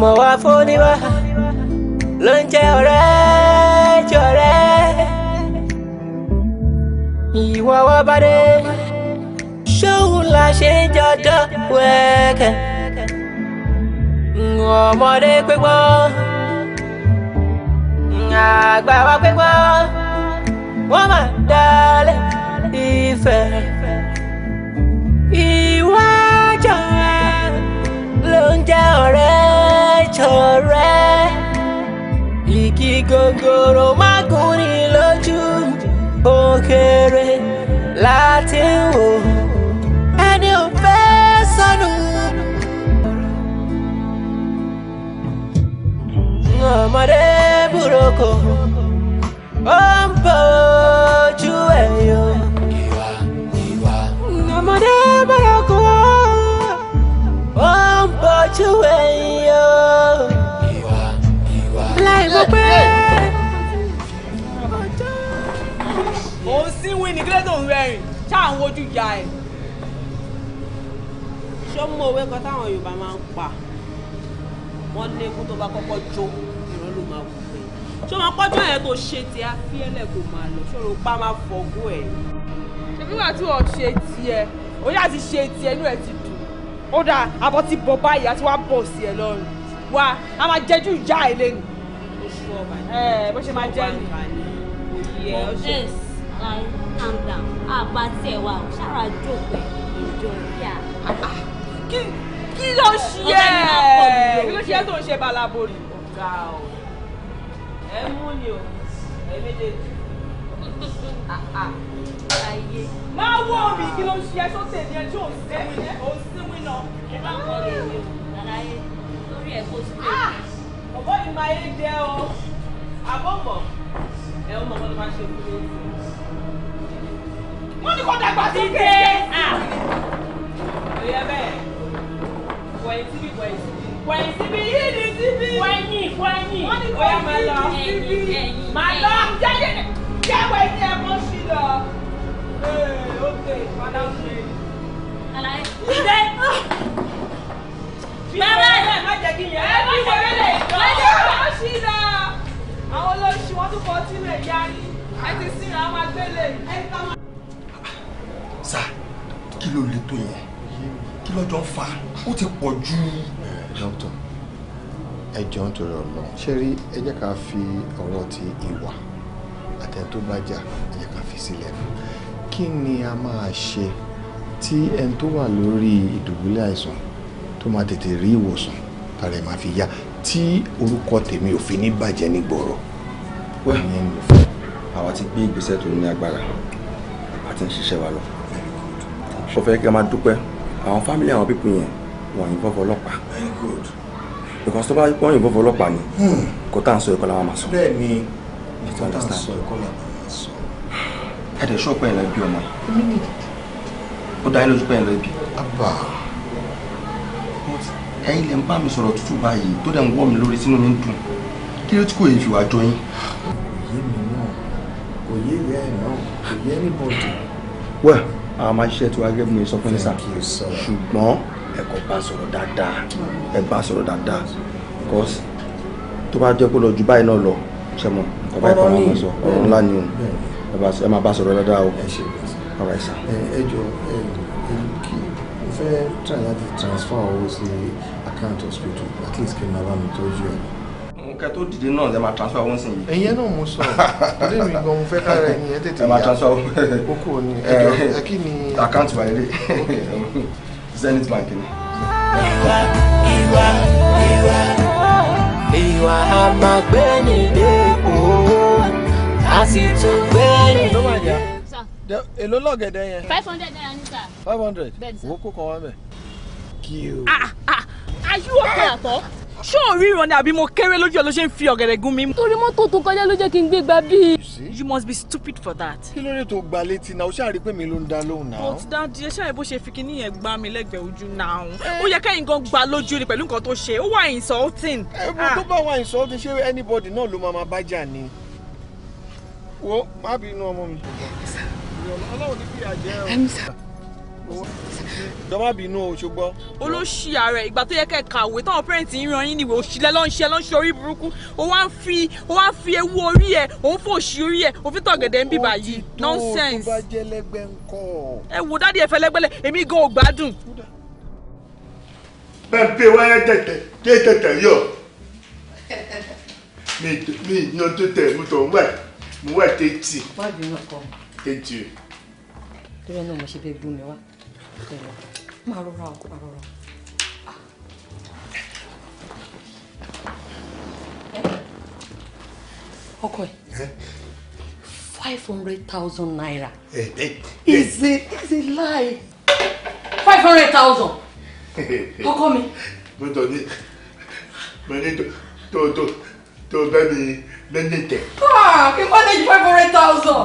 mọ̀ wá fóníwá ló ń jẹ́ ọ̀rẹ́ jọ̀rẹ́ ìwọ wá bá dé ṣóun la ṣe ń jọjọ wẹ́kẹ̀ ọmọdé pépọ́n àgbà wa pépọ́n wọ́n máa dalẹ̀ ìfẹ́ ìwájọ́ ló ń jẹ́ ọ̀rẹ́ ọ̀rẹ́ igi gogoro má gún ni lójú òkèrè láti wò ẹni ò fẹ́ sọnù. ọmọdé burúkú ó ń bọ̀ ojú ẹ̀ yọ. ọmọdé burúkú ó ń bọ̀ ojú ẹ̀ yọ gbọ́ pé òun sí wí ní kílẹ̀ tó ń rẹ́rìn ṣáà ń wojú ya ẹ̀. ṣó mú òwe kan táwọn Yorùbá máa ń pa wọ́n ní egun tó bá kọ́kọ́ jó ìran ló máa wù pé ṣó máa pọ́jọ́ yẹn tó ṣe tí a fi ẹlẹ́ kò máa lọ ṣòro pa máa fọ́gún ẹ̀. ṣèbí wàá tí wọ́n ṣe tiẹ̀ òun yà ti ṣe tiẹ̀ inú ẹ̀ ti dùn ó dáa abọ́ ti bọ̀ báyìí àti wàá bọ̀ sí ẹ lọ́rùn wá a máa jẹ́jú ìjà ẹ̀ lẹ́nu. Eh, bó ṣe máa jẹ́ mi. yes like calm down àgbà tiẹ̀ wà ó ṣàrà jòpẹ́ ìjọ yà. kí kí ló ṣe ẹ kí ló ṣe ẹ tó ń ṣe balabori. ọ̀gá o ẹ mú ni o ẹ méjèèjì ah, ah. ayé. máa wọ mi kí ló ń ṣe ẹṣọ tèmi ẹ tí ò sí wí náà. ẹ má kọ́ lè lórí ẹ̀ kó sí èmi ọ̀bọ̀ yìí máa yé jẹ́ o àbọ̀mọ̀ ẹ̀ ń mọ̀ wọ́n ló máa ṣe kúrò. wọ́n ní kó dàgbà sókè. òye ah. bẹ́ẹ̀ wọ̀nyí síbí wọ̀nyí síbí. wọ̀nyí síbí yìí ni síbí. wọ̀nyí wọ̀nyí. wọ́n ní kó dàgbà síbí. màá lọ jẹ́jẹ́ jẹ́wọ́ ẹni ẹ̀ mọ́ sí lọ. ee ok madam ṣe. alaye. ṣe. bàbá ẹ̀ má jẹ́ kí n yẹ. ẹ má jẹ́ kí n yẹ ọtí náà àwọn olóṣù wọn tún fọ ọtí náà yá yín ẹ ti sìn àwọn agbélé ẹ ta máa. sá kí ló lè tó yẹn kí lọ́jọ́ ń fa ó ti pọ̀ jù. dókítà ẹ jọ ń torí ọ̀nà ṣé rí ẹ jẹ́ ká fi ọ̀rọ̀ ti ìwà àtẹ̀ tó bá jà ẹ jẹ́ ká fi sílẹ̀ kí ni a máa ṣe tí ẹni tó wà lórí ìdùbúlẹ̀ àìsàn tó máa tètè rí ìwòsàn tààrẹ máa fi yá tí orúkọ tèmi ò fi ní bàjẹ́ ní gbòòrò. ìyẹn ni àwa ti gbé ìgbésẹ̀ tó ní agbára a ti ń ṣiṣẹ́ wa lọ. ó fẹ́ kí a máa dúpẹ́ àwọn fámìlì àwọn pípín yẹn wọ́n yìnbọn fọlọ́pàá because tó bá wọ́n yìnbọn fọlọ́pàá ni hmm. kò tá à ń sọ ẹ̀kọ́ làwọn máa sọ. bẹ́ẹ̀ ni kò tá à ń sọ ẹ̀kọ́ làwọn máa sọ. ẹ̀dẹ̀ ṣọ́ọ̀pù ẹ̀ lọ ibi ọmọ yìí ó dá yín lójú pé ẹ̀ lọ ibi ẹ̀yin lè ń bá mi sọ̀rọ̀ tútù báyìí tó dẹ̀ ń wọ́ mi lórí sínú mi ń dùn kí ló tí kò yẹ fi wá jọ yín. òye mi náà òye rẹ náà òye ní bòdì. wẹ́ẹ̀ àwọn máa ṣiṣẹ́ tí wàá gẹ́gẹ́ bí mo sọ fún yín sà ṣùgbọ́n ẹ kò bá sọ̀rọ̀ dáadáa ẹ bá sọ̀rọ̀ dáadáa because tó bá jẹ́ pé lọ ju báyìí náà lọ ṣe mọ̀ ọba ìfọ̀ náà máa sọ ọ̀rọ̀ ńlá ni o ẹ máa bá sọ̀rọ̀ dáadáa o ọba ìsà. ẹ jọ ẹ fẹ́ try láti transfer owó sí account hospital at least kí n máa mi tọ́jú ẹ̀. nǹkan tó dìde náà lè máa transfer owó sìn yìí. náà mo sọ ilé mi gan mo fẹ́ kára ẹni ẹ tètè yá kókó ni ẹ kí ni. account wa ilé Zenith Bank ni. ìwà ìwà ìwà ìwà a máa gbé a sì tún gbé ní. lọ́gẹ̀dẹ̀ yẹn. five hundred five hundred wo kó kan wá mẹ́. ayú ọ̀pẹ àtọ̀ ṣé ò ríran ni àbí mo kéré lójú ẹ ló ṣe ń fi ọ̀gẹ̀dẹ̀ gún mi. torí mọ́tò tó kọjá ló jẹ́ kí n gbé gba bíi. you must be stupid for that. kí ló dé tó gba létí náà o ṣáà rí pé mi ló ń dá lóhùn náà. but dadi ẹ ṣáà bó ṣe fi kinní yẹn gbá mi lẹ́gbẹ̀ẹ́ ojú náà ó yẹ kẹ́yìn gan gba lójú ni pẹ̀lú nǹkan tó ṣe ó wà insulting. ẹ bó ah. tó bá wà insulting ṣé anybody náà ló máa ma bá jà ni. wo má bínú ọmọ mi. ọlọ́run jọba bínú o ṣùgbọ́n. olóṣì ààrẹ ìgbà tó yẹ kẹ́ kàwé táwọn pẹ́rẹ́ǹtì ń ran yín níwèé òṣìlẹ̀ ló ń orí burúkú ó wá fi ó wá fi ewu orí ẹ̀ òun fòṣì orí ẹ̀ òfin tọ̀gẹ̀dẹ̀ ń bì báyìí nonsense. ó ti tó tó bá jẹ́ lẹ́gbẹ́ ńkọ́. ẹ wo dádì ẹ fẹ́ èmi gan ò gbádùn. bẹ́ẹ̀ pé wáyé tẹ̀tẹ̀ dé tẹ̀tẹ̀ yọ mi yan tó mo tọ̀ ń mo wà kò lọ máa rọra o máa rọra. ọkọ ah. ẹ five hundred thousand is a is a lie 500.000 hundred thousand ọkọ mi. mo tọ ní mo ní tó tó tó bẹ́ẹ̀ mi mẹ́ndé tẹ̀. Ah, kí manage five hundred thousand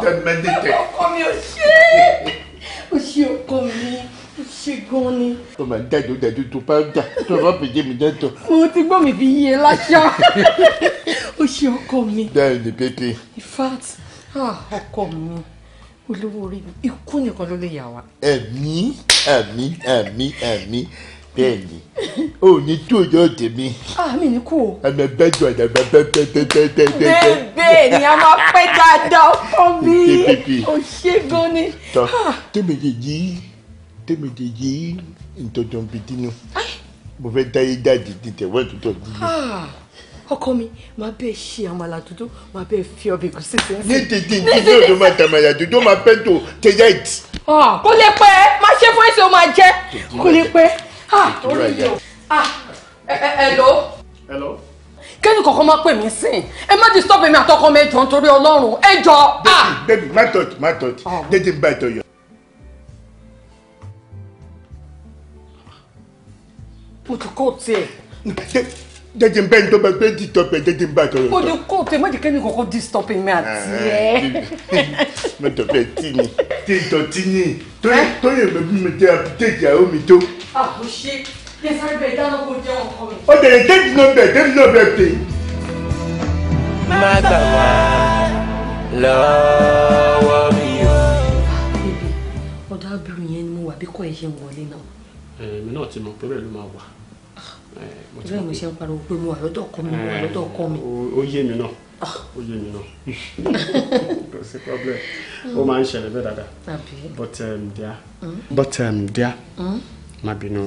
ṣe gan ni. tó máa dájú dájú tó bá dà tó bá bèjì mi dájú. mo ti gbọ́ mi fi yé e láṣà ó ṣe ọkọ mi. dáhùn ní pépé. in fact ah, ọkọ mi olówó orí mi ikú nìkan ló lè yà wá. ẹ̀mí ẹ̀mí ẹ̀mí ẹ̀mí bẹ́ẹ̀ni o ní tó yọ tèmi. ah mi ni kú o. ẹmẹ bẹjọ ẹdẹ bẹ bẹ bẹ bẹ bẹ bẹ bẹ. bẹ́ẹ̀ bẹ́ẹ̀ ni a máa pẹ́ dáadáa fún mi o ṣé gan ni. tọ́ ah. tẹ́mi yìí tèmi de yé ntọ́jọ́ bìdí nu mo fẹ́ dá yé jáde ní tẹ̀wọ́ ìtútọ́ dúró. ọkọ mi máa bẹ ṣe àmàlà dúdú máa bẹ fi ọbẹ̀ ẹ̀gúsí sí. ní tètè ìdílé òdo máa tàmàlà dúdú máa pẹ́ tó tẹ̀yà to kò lè pẹ́ má ṣe fún ẹsẹ̀ o máa jẹ́ kò lè pẹ́ orí yìí o hello. hello. kẹ́ni kankan máa pè mí sìn ẹ má disturb mi àtọkọ mi ẹjọ́ nítorí ọlọ́run ẹjọ́. bẹ́ẹ̀ni bẹ́ẹ̀ni má tọ̀tù má tọ̀tù dédé ń bá ẹ̀tọ́ yọ. protocol tiẹ̀. Eh. jẹjẹ n bẹ n tọpẹ pé di tọpẹ jẹjẹ n bá tọrọ. protocol tiẹ̀ eh. má jẹ́ kẹ́mi kọ́kọ́ di stopping mi àti ẹ̀. mo tọpẹ tí ni tí ìdọ̀tí ni tóyè mi mi tẹ àpìtẹ́jì àwọn mi tó. àbùṣe ah, kẹsàn-án bẹ̀ dáná kó jẹ́ ọkọ mi. ó tẹ̀lé tẹ́tí náà bẹ̀ tẹ́tí náà bẹ̀ pè. má gbà wá lọ́wọ́ mi o. Ah, bèbè ọ̀dà abirùn yẹn ni mo wà bí kò ẹ̀ ṣe ń wọlé náà èmi náà ti mọ̀ pé bẹ́ẹ̀ ló máa wà. bẹ́ẹ̀ mo ṣe ń pariwo pé mo wà lọ́dọ̀ ọkọ mi mo wà lọ́dọ̀ ọkọ mi. o yé mi náà ó yé mi náà ah. kò sí problem ó máa ń ṣẹlẹ̀ bẹ́ẹ̀ dáadáa but um, dear hmm? but um, hmm? bínú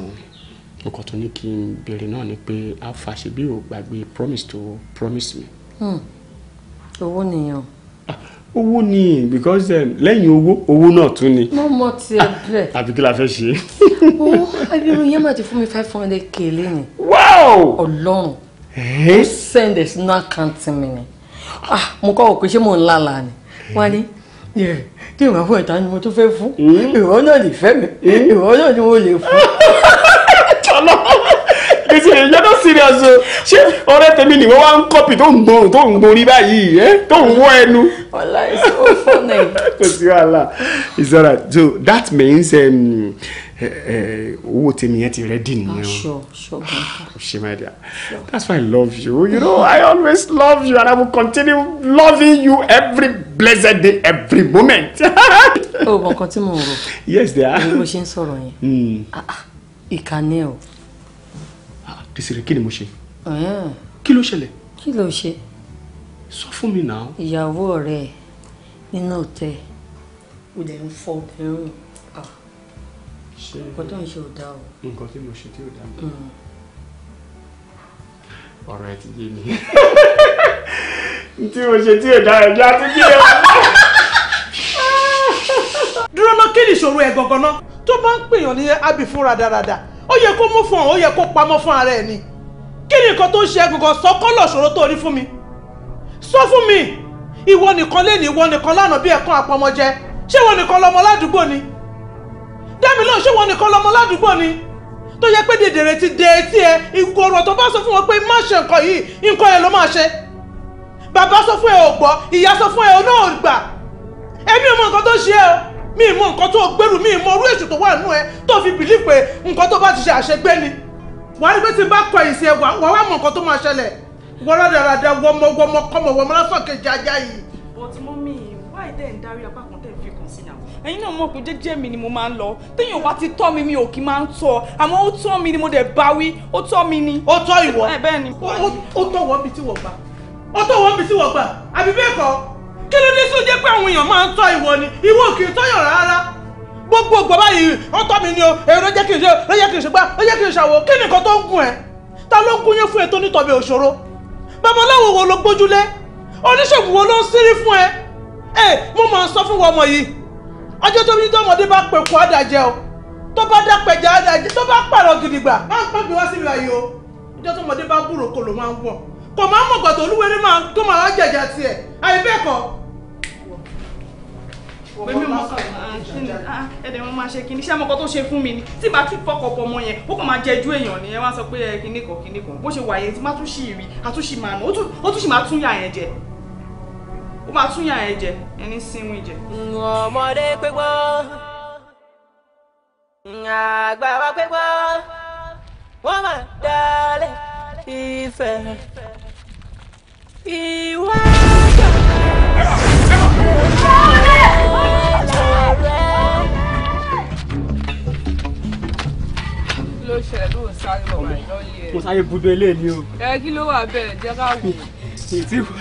nǹkan tó ní kí n béèrè náà ni pé alfa ṣe bí o gbàgbé promise to promise me. Hmm. owó nìyẹn owó ni because um, lẹ́yìn owó owó náà tún ni. mo mọ tiẹ̀ ah, bẹ́ẹ̀. àbí kí la fẹ́ ṣe. owó abirun yẹn máa ti fún mi five hundred k lẹ́yìn. wow ọlọ́run eh? ó send it sínú àkáǹtì mi ni ah, mo kọ́ òkú ṣé mò ń lálà ni eh. wọ́n ní tí ìwà fún ìta ni mo tún fẹ́ fún hmm? ìwọ náà lè fẹ́ mi hmm? ìwọ náà ni mo lè fún. ṣe ìyá tó serious o ṣé ọ̀rẹ́ tèmi ni wọ́n wá ń kọ́pì tó ń gbòòrùn tó ń gbòòrì báyìí ẹ tó ń wọ́ ẹnu. ọ̀la ìṣó fún ẹ. kò sí wàhálà ìṣọ́ra so that means um, eh, eh, owó tèmi yẹn ti ready nìyẹn o. ṣe máa dà that's why I love you you know I always love you and I will continue loving you every blessed day every moment. o mọ̀ nǹkan tí mo rò. yes they are. mo ṣe ń sọ̀rọ̀ yẹn hmm. ah, ah, ìkànnì o. Desire kí ni mo ṣe. kí ló ṣẹlẹ̀. kí ló ṣe. sọ fún mi náà. ìyàwó ọ̀rẹ́ ẹ̀ nínú ọ̀tẹ̀ o dẹ̀ ń fọ obìnrin ah, ṣe nǹkan tó ń ṣe ò dáa o. nǹkan tí mo ṣe tí ò dáa mi. Hmm. ọ̀rọ̀ ẹ ti yé mi. tí mo ṣe tí ò dáa ẹ̀jẹ̀ àti kí ẹ. dúró ná kí ni ìṣòro ẹ̀ gangan ná tó bá ń pèèyàn ní ábì dáradára ó yẹ kó mú fún ọ ó yẹ kó pamọ́ fún ara ẹ ni kí ni nǹkan tó ń ṣe gbọ̀ngàn sọ kọ́lọ̀ ṣòro tó rí fún mi sọ fún mi ìwọ nìkan lé ní ìwọ nìkan lánàá bí ẹ̀kan àpamọ́jẹ ṣé ìwọ nìkan lọmọ ládùúgbò ni dẹ́mi náà ṣé ìwọ nìkan lọmọ ládùúgbò ni tó yẹ pé dèdèrè ti dé etí ẹ ìgboro tó bá sọ fún wọn pé má ṣe nǹkan yìí nǹkan yẹn ló máa ṣe bàbá sọ fún ẹ ò gbọ́ ìyá sọ fún ẹ ò náà gbà ẹbí ò nǹkan tó ṣe ẹ o mi mọ nǹkan tó gbèrú mi mọ orú èṣù tó wà nù ẹ tó fi bìlí pé nǹkan tó bá ti ṣe àṣegbé ni wàá rí pé tí n bá kọ ìsìn ẹwà wàá wá mọ nǹkan tó máa ṣẹlẹ̀ wọ́rọ́dàràdà wọmọwọmọ kọmọ wọmọ lásàkè jájá yìí. but mọ́mí why dẹ́ ń darí apá kan tẹ́ fi kàn sí náà. ẹ̀yin náà mọ̀ pé jẹ́jẹ́ mi ni mo máa ń lọ téèyàn bá ti tọ́ mi mi ò kí máa ń tọ́ àmọ́ ó tọ́ mi ni mo dẹ̀ bá wí ó tọ́ mi ni. ó tọ́ ìwọ ó tọ́ wọ́n bí tí wọ́n gbà ó tọ́ wọ́n bí tí wọ́n gbà àbí bẹ́ẹ̀ kọ́ kí ló dé sí ojú pé àwọn èèyàn máa ń tọ́ ìwọ ni ìwọ kì í tọ́yọ̀ rárá gbogbo ògbà báyìí wọ́n tọ́ mi ni o èrò ló jẹ́ kí n ṣe ló jẹ́ kí n ṣe gbá ló jẹ́ kí n ṣàwò kí nìkan tó ń gùn ẹ́ ta ló ń gúnyán fún ẹ tó nítọ̀bẹ òṣòro babaláwo wo ló gbójúlé oníṣègùn wo ló ń sírí fún ẹ ẹ mo máa ń sọ fún wọn ọmọ yìí ọjọ́ tó ní tọ́mọdé bá pẹ̀kú àdàjẹ́ o tó bá dápẹ̀jẹ́ àdàjẹ́ tó bá pààrọ̀ gidigba má o ọjọ́ tọ́mọdé bá búrò kò ló máa ń wọ̀ kò máa ń mọ̀gbà tó olúwerè máa ń tó máa pé mi mọ ah, kíni ah, ẹ̀dẹ̀ wọn máa ṣe kíni iṣẹ́ mọ́kọ́ tó ṣe fún mi ni tí bá tún fọkọ̀ pọ̀ mọ́ yẹn ó kàn máa jẹjú èèyàn ni ẹ wá sọ pé kíní kan kíní kan bó ṣe wà yẹn tí má tún ṣì rí àtúnṣì máa nà ó tún ṣì máa tún yà yẹn jẹ ó máa tún yà yẹn jẹ ẹni sínwìn jẹ. ọmọdé pé gbọ́ àgbà wọ́n máa dalẹ̀ ìfẹ́ ìwà. ló ṣẹlẹ̀ ló ń sáré lọ máa yọ ilé ẹ̀. E. mo sáré budo ilé ni o. ẹ kí ló wà bẹ́ẹ̀ jẹ́ ká wò. ètí wò.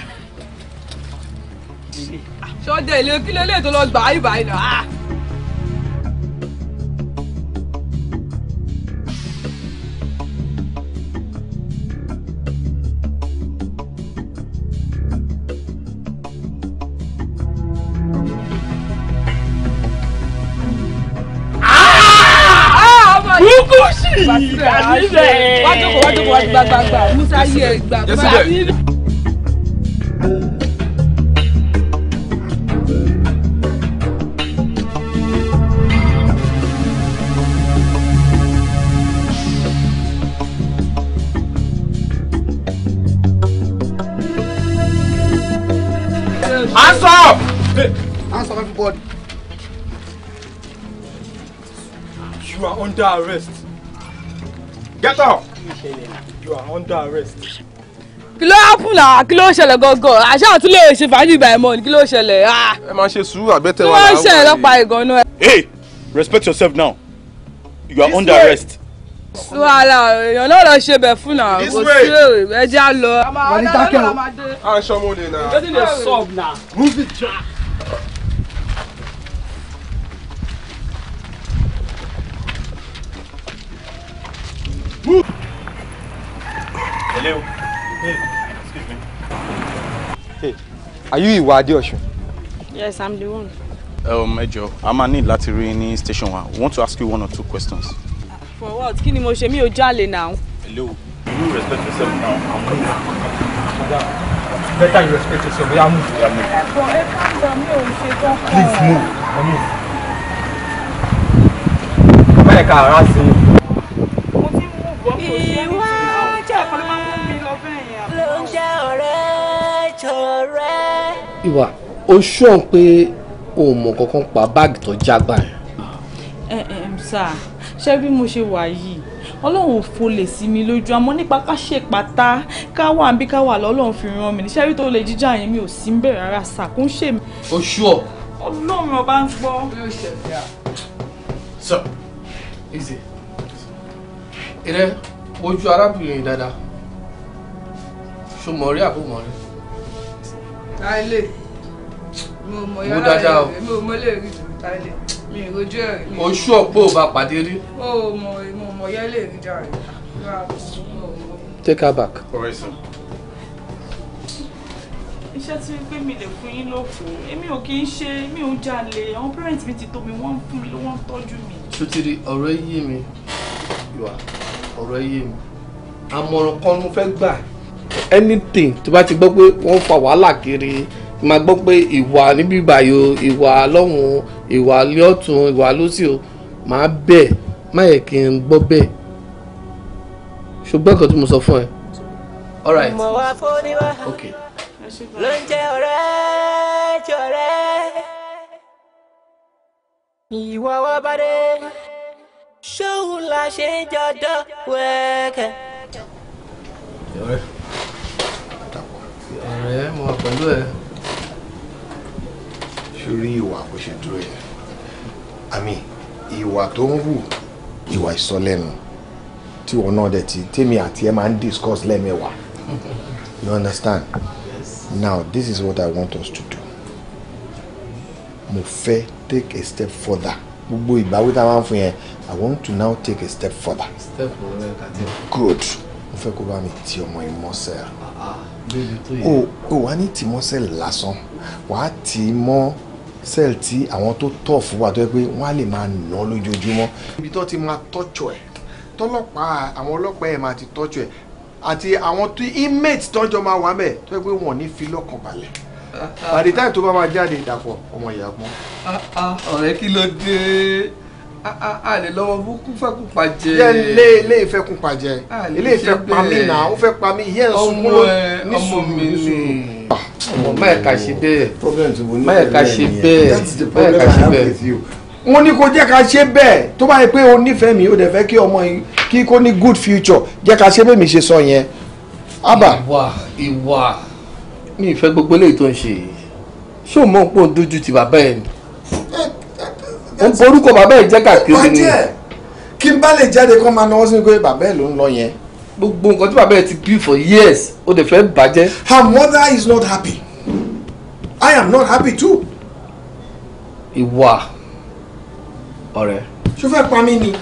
sọ́dẹ̀ ilé kí lélẹ́ẹ̀ tó lọ gbà á ìbàdàn. wájú kò wájú Hands up! Hey. Hands up, everybody. You are under arrest. Get up. You are under arrest. Kí ló happen là? Kí ló ṣẹlẹ̀ gangan? Àṣà àti lè ṣe fàájì ìgbà ẹ̀mọ́ ni kí ló ṣẹlẹ̀? Ah. Ẹ máa ṣe sùúrù àbẹ́tẹ̀ wa làwọn. Kí ló ṣẹlẹ̀ lọ́pàá ìgànnú ẹ? Hey! Respect yourself now. You are this under way. arrest. Wàhálà èèyàn náà lọ ṣe bẹ̀ fún náà. This way. Ẹ jẹ́ àlọ́. Àmọ́ àwọn ọ̀dọ́ ló máa dé. Àṣọ mo lè nà. Move it. Hello. Hey, excuse me. Hey, are you Ìwà Adéọ̀ṣun? Yes, I'm the one. Um, ẹ I'm a máa ní station one. I want to ask you one or two questions. For what? Kí ni mo ṣe mi ò jalè now? Hello. You respect yourself now. I'm coming. Better you respect yourself. We are moving. We are moving. Please move. Move. Mẹ́ẹ̀ka ara sí ọ̀rẹ́. ìwà ó ṣọ́n pé o mọ̀ kankan pa báàgì tó jágbà yẹn. ẹ eh, ẹ eh, sà ṣé bí mo ṣe wà yìí ọlọ́run ò folè sí mi lójú àmọ́ nípa ká ṣèpàtà ká wà níbi ká wà lọ́lọ́run fi ràn mí níṣẹ́ tó lè jíjà yẹn mi ò sí ń bẹ̀rẹ̀ rárá sà kó ń ṣe mí. o ṣùọ. ọlọ́run ọba ń gbọ́. sọ ìzè ìrẹ ojú arábìnrin dáadáa ṣó rí àbó mọ̀ táìlè mo mọ yàrá rẹ mo mọ lè rí táìlè mi ìrojú ẹ rí. oṣù ọ̀pọ̀ ò bá pàdé rí. mo mo mọ yàrá lè rí jàre. take her back. ọ̀rẹ́ sàn. iṣẹ́ tí pé mi lè fún yín ló kù èmi ò kì í ṣe mi ò jalè àwọn parents mi ti tó mi wọ́n fún mi wọ́n tọ́jú mi. sotiri ọ̀rọ̀ yé mi ọ̀rọ̀ yé mi àmọ̀ràn kan mo fẹ́ gbà anything tó bá ti gbọ́ pé wọ́n fa wàhálà kiri máa gbọ́ pé ìwà níbí báyò ìwà lọ́hùn ìwà lọ́tún ìwà lọ́sì o máa bẹ̀ má yẹ kí n gbọ́ bẹ́ẹ̀ ṣùgbọ́n nǹkan tí mo sọ fún ẹ. all right okay. ló ń jẹ́ ọ̀rẹ́ jọ̀rẹ́ ìwà wa bá dé ṣóun la ṣe ń jọ dán wẹ́kẹ̀ rẹ mo wà pẹ̀lú ẹ. sórí ìwà kò ṣe dúró yẹn àmì ìwà tó ń hù ìwà ìsọlẹ́nu tí wọn náà dẹ̀ ti tèmi àti ẹ máa ń discuss lẹ́mẹ̀wàá you understand yes. now this is what I want us to do mo fẹ́ take a step further gbogbo ìbáwí tá a máa ń fún yẹn I want to now take a step further. step further kàtí. good mo fẹ́ kó bá mi ti ọmọ ìmọ̀ sẹ́yà o wà ní tìmọ́ sẹ́ẹ̀lì lásán wàá tì í mọ́ sẹ́ẹ̀lì tí àwọn to tọ̀ fún wa tó yẹ pé wọ́n á lè máa nà lójoojúmọ́. ibi tó ti máa tọ́jú ẹ̀ tọ́lọ́pàá àwọn ọlọ́pàá ẹ̀ máa ti tọ́jú ẹ̀ àti àwọn tó inmate tọ́jọ́ máa wà mẹ́ẹ̀ tó yẹ pé wọ́n ní fi lọ́kàn balẹ̀ by time tó bá máa jáde dàpọ̀ ọmọ ìyá gbọ́n. Ah, ah, ọ̀rẹ́ kí ló dé a lè lọ́mọ burúkú fẹ́ kú pa jẹ. yẹ ilé ilé ìfẹ́ kú pa jẹ ilé ìfẹ́ pa mí náà ó fẹ́ pa mí yẹ ń sunkún ló ní sùúrù ní sùúrù. ọmọ báyìí ká ṣe bẹ́ẹ̀ báyìí ká ṣe bẹ́ẹ̀ báyìí ká ṣe bẹ́ẹ̀. mo ní kó jẹ́ ká ṣe bẹ́ẹ̀ tó bá yẹ pé o nífẹ̀ẹ́ mi o dẹ̀ fẹ́ kí ọmọ yìí kí kó ní good future jẹ́ ká ṣe bẹ́ẹ̀ mi ṣe sọ yẹn. àbá ìwà ìwà mi ìfẹ́ gbogbo eléyìí tó ń ṣe ṣé o mọ̀ pé o dójú ti bàbá ẹ̀ ni ń borúkọ bàbá ẹ̀ jẹ́ káàkiri ni. kí n bá lè jáde kó máa náwó sí pé bàbá ẹ̀ ló ń lọ yẹn. gbogbo nǹkan tí bàbá ẹ̀ ti bí for years ó dẹ̀ fẹ́ bàjẹ́. her mother is not happy I am not happy too. ìwà ọ̀rẹ́. ṣó fẹ́ pa mí ni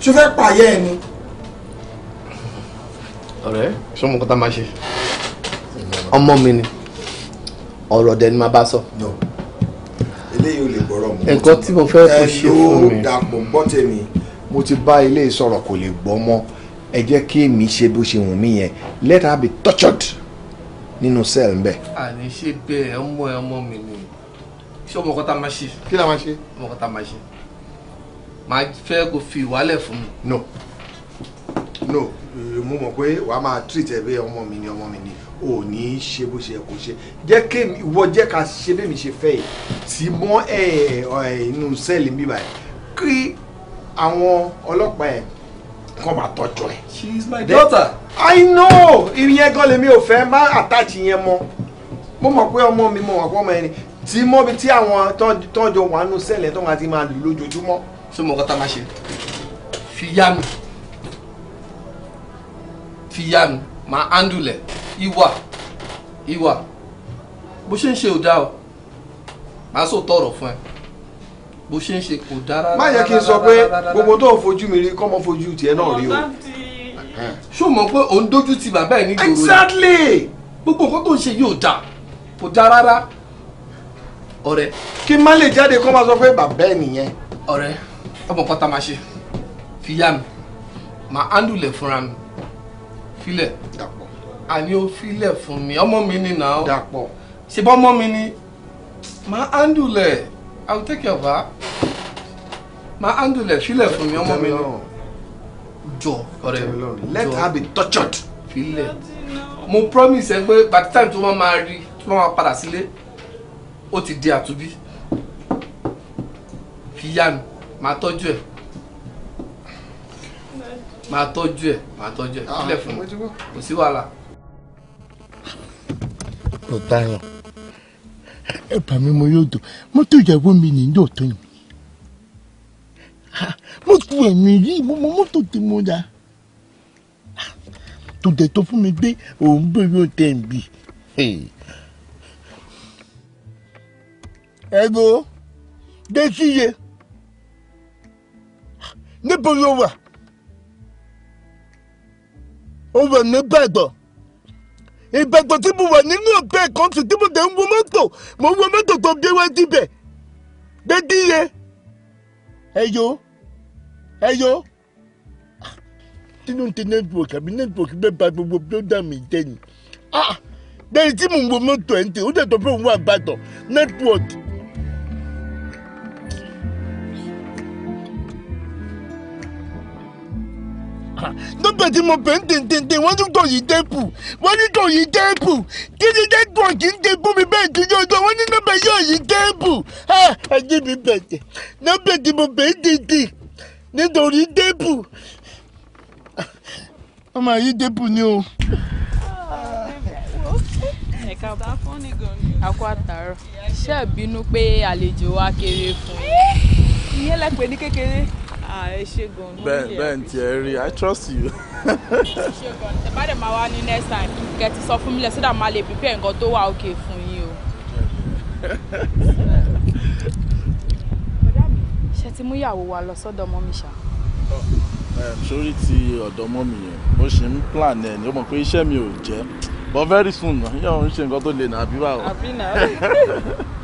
ṣó fẹ́ pààyẹ́ ẹ ni. ọ̀rẹ́ ṣé mo kọ́ta máa ṣe ọmọ mi ni ọ̀rọ̀ dẹ̀ ni màá bá sọ. No eléyìí ò lè gbọ́rọ̀ mọ́. ẹ̀kọ́ tí mo fẹ́ kó ṣe fún mi. ẹ ló dàpọ̀ gbọ́ tèmi mo ti bá ilé sọ̀rọ̀ kò lè gbọ́ mọ́ ẹ jẹ́ kí èmi ṣe bó ṣe wù mí yẹn let her be tortured nínú cell ń bẹ̀. àní ṣe bẹ́ẹ̀ ọmọ ẹ ọmọ mi ni ṣé ọmọ kọta máa ṣe. kí la máa ṣe. ọmọ kọta máa ṣe. màá fẹ́ kó fi ìwálẹ̀ fún mi. no no eh, mo mọ̀ pé wàá máa treat ẹ bí ọmọ mi ni ọmọ mi ni ò ní í ṣe bó ṣe yẹ kó ṣe jẹ́ kí ìwọ jẹ́ ká ṣe bẹ́ẹ̀ mi ṣe fẹ́ yìí tí mọ́ ẹ̀ ẹ̀ inú sẹ́ẹ̀lì mi báyìí kí àwọn ọlọ́pàá ẹ̀ kọ́ máa tọ́jú ẹ̀. she is my daughter. i know ìyẹn gan lèmi ò fẹ́ má attach yẹn mọ́ mo mọ̀ pé ọmọ mi mo mọ̀ pé ọmọ ẹni tí mọ́bi tí àwọn tọ́jọ wà nù sẹ́lẹ̀ tó máa ti máa lù lójoojúmọ́. ṣé mo kọ́ tá a máa ṣe fi yá mi fi yá mi máa handle ẹ̀ ìwà ìwà bó ṣe ń ṣe ò dáa o màá sọ tọrọ fún ẹ bó ṣe ń ṣe kò dáa rárá. má yẹ kí n sọ pé gbogbo tó fojú mi rí kọ́ mọ́ fojú tiẹ̀ náà rí o. ṣó mọ̀ pé òun dójú ti bàbá ẹ̀ nígboro rẹ̀. exactly. gbogbo nǹkan tó ń ṣe yóò dáa kò dáa rárá. ọ̀rẹ́. kí n má lè jáde kó máa sọ pé bàbá ẹ̀ nìyẹn. ọ̀rẹ́ ọmọ pátá máa ṣe fìyà mi màá ándùlẹ̀ fúnra mi filẹ̀. Yeah àní ó filẹ̀ fún mi ọmọ mi ni náà dàpọ̀ ṣe bọ́ ọmọ mi ni máa handle ẹ̀ i will take care of her máa handle ẹ̀ filẹ̀ fún mi ọmọ mi ni jọ let her be tortured. filẹ̀ mo promise ẹ pé by the time to wọ́n máa to tí wọ́n máa padà sílé ó ti di àtúbí fi yánu máa tọ́jú ẹ̀ máa tọ́jú ẹ̀ máa tọ́jú ẹ̀ kílẹ̀ ah, fún mi kò sí wàhálà ọ̀tá yàn ẹ bà mí mo yóò dùn mọ́tò ìyàwó mi ní ìlú ọ̀tọ̀ yìí mọ́tò ẹ̀mí yìí mo mọ mọ́tò tí mo dá tó dẹ̀ tó fún mi pé òun bèrè ọ̀tẹ̀ ń bì. ẹ bò ó dé síye níbo ló wà ó wà ní gbàgbọ́ ìbàdàn tí mo wà nínú ọ̀pẹ kan tí mo dẹ̀ ń wo mọ́tò mo wo mọ́tò tó gbé wá dibẹ̀ gbẹ́díye ẹ̀yọ́ ẹ̀yọ́ nínú ti network àbí network bẹ́ẹ̀ ba gbogbo program ìjẹ́ni ah lẹ́yìn tí mo wo mọ́tò ẹ̀ ń tẹ̀ ó dẹ̀ tó fún òun àgbàdàn network. lọ́bẹ̀ tí mo bẹ̀ ń tẹ̀ntẹ̀ntẹ̀ wọ́n tún kọ̀ yìí tẹ́pù wọ́n ní kọ̀ yìí tẹ́pù kí ni tẹ́pù kì í ṣe fún mi bẹ́ẹ̀ tí yóò jọ wọ́n ní lọ́bẹ̀ yóò yìí tẹ́pù ẹjí mi bẹ̀jẹ̀ lọ́bẹ̀ tí mo bẹ̀ ń tẹ̀ntẹ̀ nítorí tẹ́pù wọ́n máa yí tẹ́pù ni o. ẹ̀ka bá fọ́nì gan-an. a kó àtàrọ̀ ṣé ẹ bínú pé wa kéré fún un. ìyẹn lẹ pè ní Ah, ẹ ṣe gan mo really appreciate. bẹ́ẹ̀ n tiẹ̀ i trust you. ṣe gan ẹ bá dẹ̀ máa wá ní next time kẹ́ ti sọ fún mi lẹ̀ sódà máa lè prepare nǹkan tó wà òkè fún yín o. bọ̀dá mi ṣe ti mú ìyàwó wa lọ sọ́dọ̀ ọmọ mi ṣá. Oh, um, sórí ti ọ̀dọ̀ ọmọ mi yẹn mo ṣì ń plan ẹ̀ ni ó mọ̀ pé iṣẹ́ mi ò jẹ́ but very soon yóò ń ṣe nǹkan tó le nà àbí báwo. àbí nà.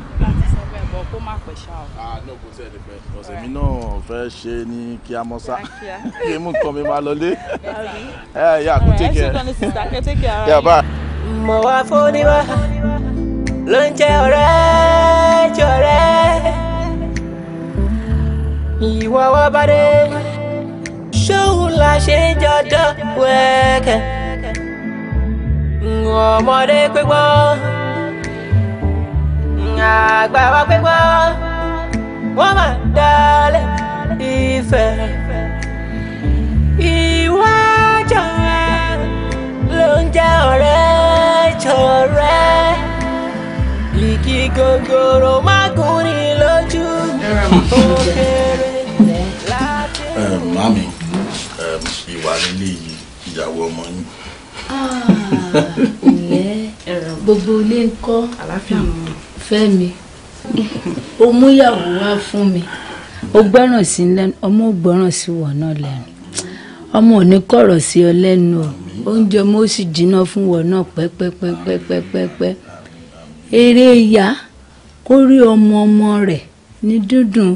kó má pẹ́ ṣá o. ah no kò sí ẹni pẹ́ ọ̀sẹ̀ mi náà fẹ́ ṣe ní kí a mọ́ sá kí mú nǹkan mi máa lọlé eh, ẹ yà kó take yà bá. mo wá fóní wá ló ń jẹ́ ọ̀rẹ́ jọ̀rẹ́ ìwọ wá bá dé ṣóun la ṣe ń jọjọ wẹ́kẹ̀ ọmọdé pé àgbà wa pé gbọ́ wọ́n máa dalẹ̀ ìfẹ́ ìwájọ ló ń jẹ́ ọ̀rẹ́ jọ̀rẹ́ ìkí gogoro mákùnrin lójú òkèrè láti. mami ìwà líle yìí ìyàwó ọmọ yín. gbogbo ilé ń kọ́ àlàáfíà mọ́ fẹ́mi o múyàwó wá fún mi o gbọ́ràn sí lẹ́nu ọmọ ò gbọ́ràn sí wọ̀ náà lẹ́nu ọmọ ò ní kọ̀rọ̀ sí ọ lẹ́nu o oúnjẹ mo sì jiná fún wọ̀ náà pẹ́pẹ́pẹ́pẹ́pẹ́pẹ́ eré ya kó rí ọmọ ọmọ rẹ̀ ní dúndùn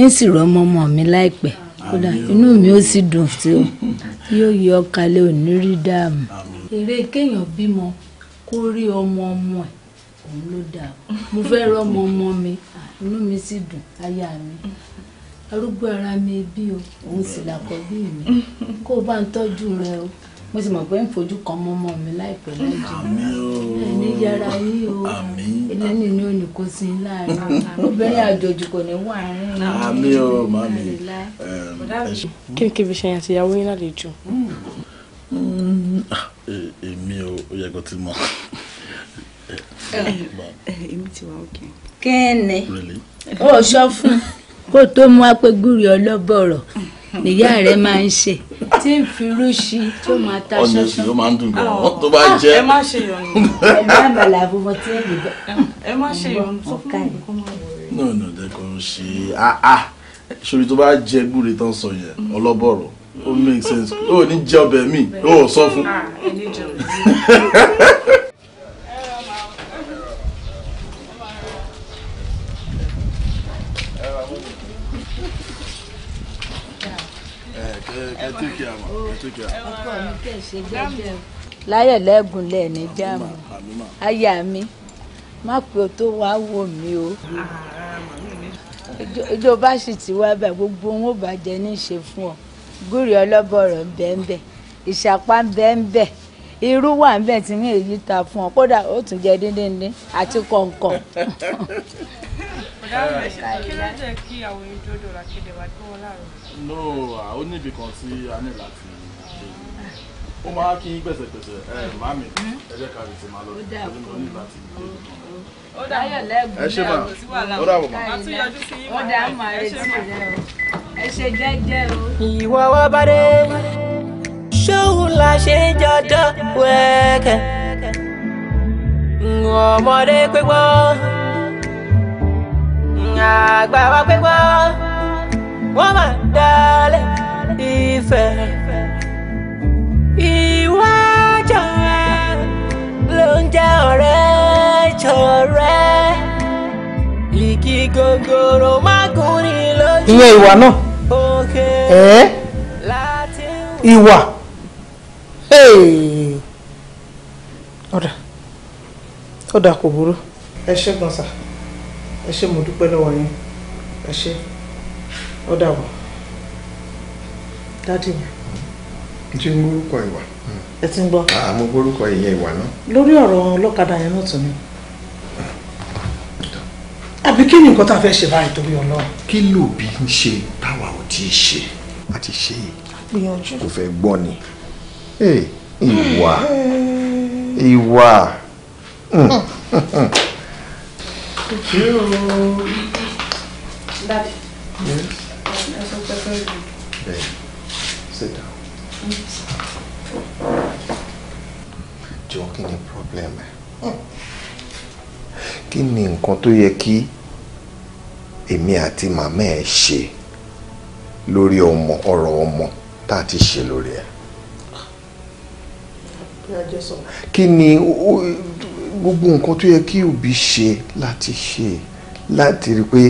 ń sì rọmọ ọmọ mi láìpẹ́ kódà inú mi ó sì dùn sí o yóò yọ ọkàlẹ̀ òní rí dààmú. eré kéèyàn bímọ kó rí ọmọ ọmọ ẹ̀ òun ló dà mo fẹ́ rọ́mọ ọmọ mi inú mi sì dùn aya mi arúgbó ara mi bí o òun sì làkọ́bí mi kó o bá ń tọ́jú rẹ o mo sì mọ̀ pé ń fojú kan mọ́mọ́ mi láìpẹ́ láìjẹ́ ẹni yára yín o ẹlẹ́ni ni ò ní kó sí láàrin obìnrin àjòjì kò ní wà rìn àmì o màmí kékeré ṣẹyìn àtìyàwó yín lálejò. Hmm. Hmm. Ah, e, èmi ò yẹ kó ti mọ èmi ti wà òkè. kẹ́ẹ̀nẹ̀ ó sọ fún kó tó mú apẹ́gùrì ọlọ́bọ̀rọ̀ nìyá rẹ máa ń ṣe tí ń fi irú ṣi tó máa ta ṣọṣọ. ọ̀nà èsì ló máa ń dùn gan wọn ah. tó bá ah, jẹ́. ẹ má ṣe yọnu. ẹ má bàlá àbúmọ tí ẹ lè bẹ. ẹ má ṣe yọnu tó fún mi kó máa wọ rẹ. náà náà dẹkọ ṣe áá ah, sori tó bá jẹ gbúre tán sọ yẹn mm. ọlọ́bọ̀rọ̀ ó make sense ó ní jẹ ọbẹ̀ mi ó sọ fún. ẹni jẹ láyọ̀ lẹ́gùn lẹ́ẹ̀ni jáàmù aya mi má pé o tó wá wò mí o ìjọba sì ti wá bá gbogbo wọn ò bàjẹ́ ní ṣe fún ọ gúrì ọlọ́bọ̀rọ̀ bẹ́ẹ̀nbẹ́ ìṣàpá bẹ́ẹ̀nbẹ́ irú wà bẹ́ẹ̀ tí mi èyí ta fún ọ kódà ó tún jẹ díndín àti kọ̀ǹkọ̀. ọ̀dà mi ṣe kí ló jẹ́ kí àwọn èèyàn tó dọ̀rọ̀ wá gbọ́ wọn láàárọ̀ no ah, ó níbi kan tí a ní láti ṣe ó máa kí gbẹ̀sẹ̀gbẹ̀sẹ̀ ẹ màmí hmm? ẹ jẹ́ ká lè ti máa lọ sí ọdún ní láti dé ibi kan. ó dáyọ̀ lẹ́gbẹ̀ẹ́ ní àgọ́ sí wàhálà ó dàbọ̀ mọ́. ó dà má retí rẹ o ẹ ṣe jẹ́jẹ́ o. ìwọ wá bá dé ṣóun la ṣe jọjọ wẹ́ẹ̀kẹ́ ọmọdé pé gbọ́ àgbà wa pé gbọ́ wọ́n máa ń dalẹ̀ ìfẹ́ ìwájọ rẹ ló ń jẹ́ ọ̀rẹ́ jọ̀rẹ́ igi gogoro mágùnrin lójú. ìyẹn ìwà náà ẹ ìwà ọ̀dà ọ̀dà kò burú. ẹ ṣé gan sa ẹ ṣé mo dúpẹ́ lọ́wọ́ yín ẹ ṣé ó dàbọ̀ dádì mi. n ti ń gbórúkọ ìwà. ẹ ti ń gbọ́. àmọ́ ah, gbórúkọ ìyẹn ìwà náà. lórí ọ̀rọ̀ ọlọ́kadà yẹn náà tún ni àbí kí ni nǹkan tá a fẹ́ ṣe báyìí torí ọlọ́run. kí lòbí ń ṣe táwa ò tí ì ṣe àti ṣe yìí kò fẹ́ gbọ́ ni eh, ìwà eh. ìwà. Hmm. Hmm. dadi. Yes. Hey, sit down. Jọ kí ni problem ẹ? Kí ni nǹkan tó yẹ kí èmi àti màmá ẹ ṣe lórí ọmọ ọ̀rọ̀ ọmọ tá a ti ṣe lórí ẹ? Kí ni gbogbo nǹkan tó yẹ kí òbí ṣe láti ṣe láti rí pé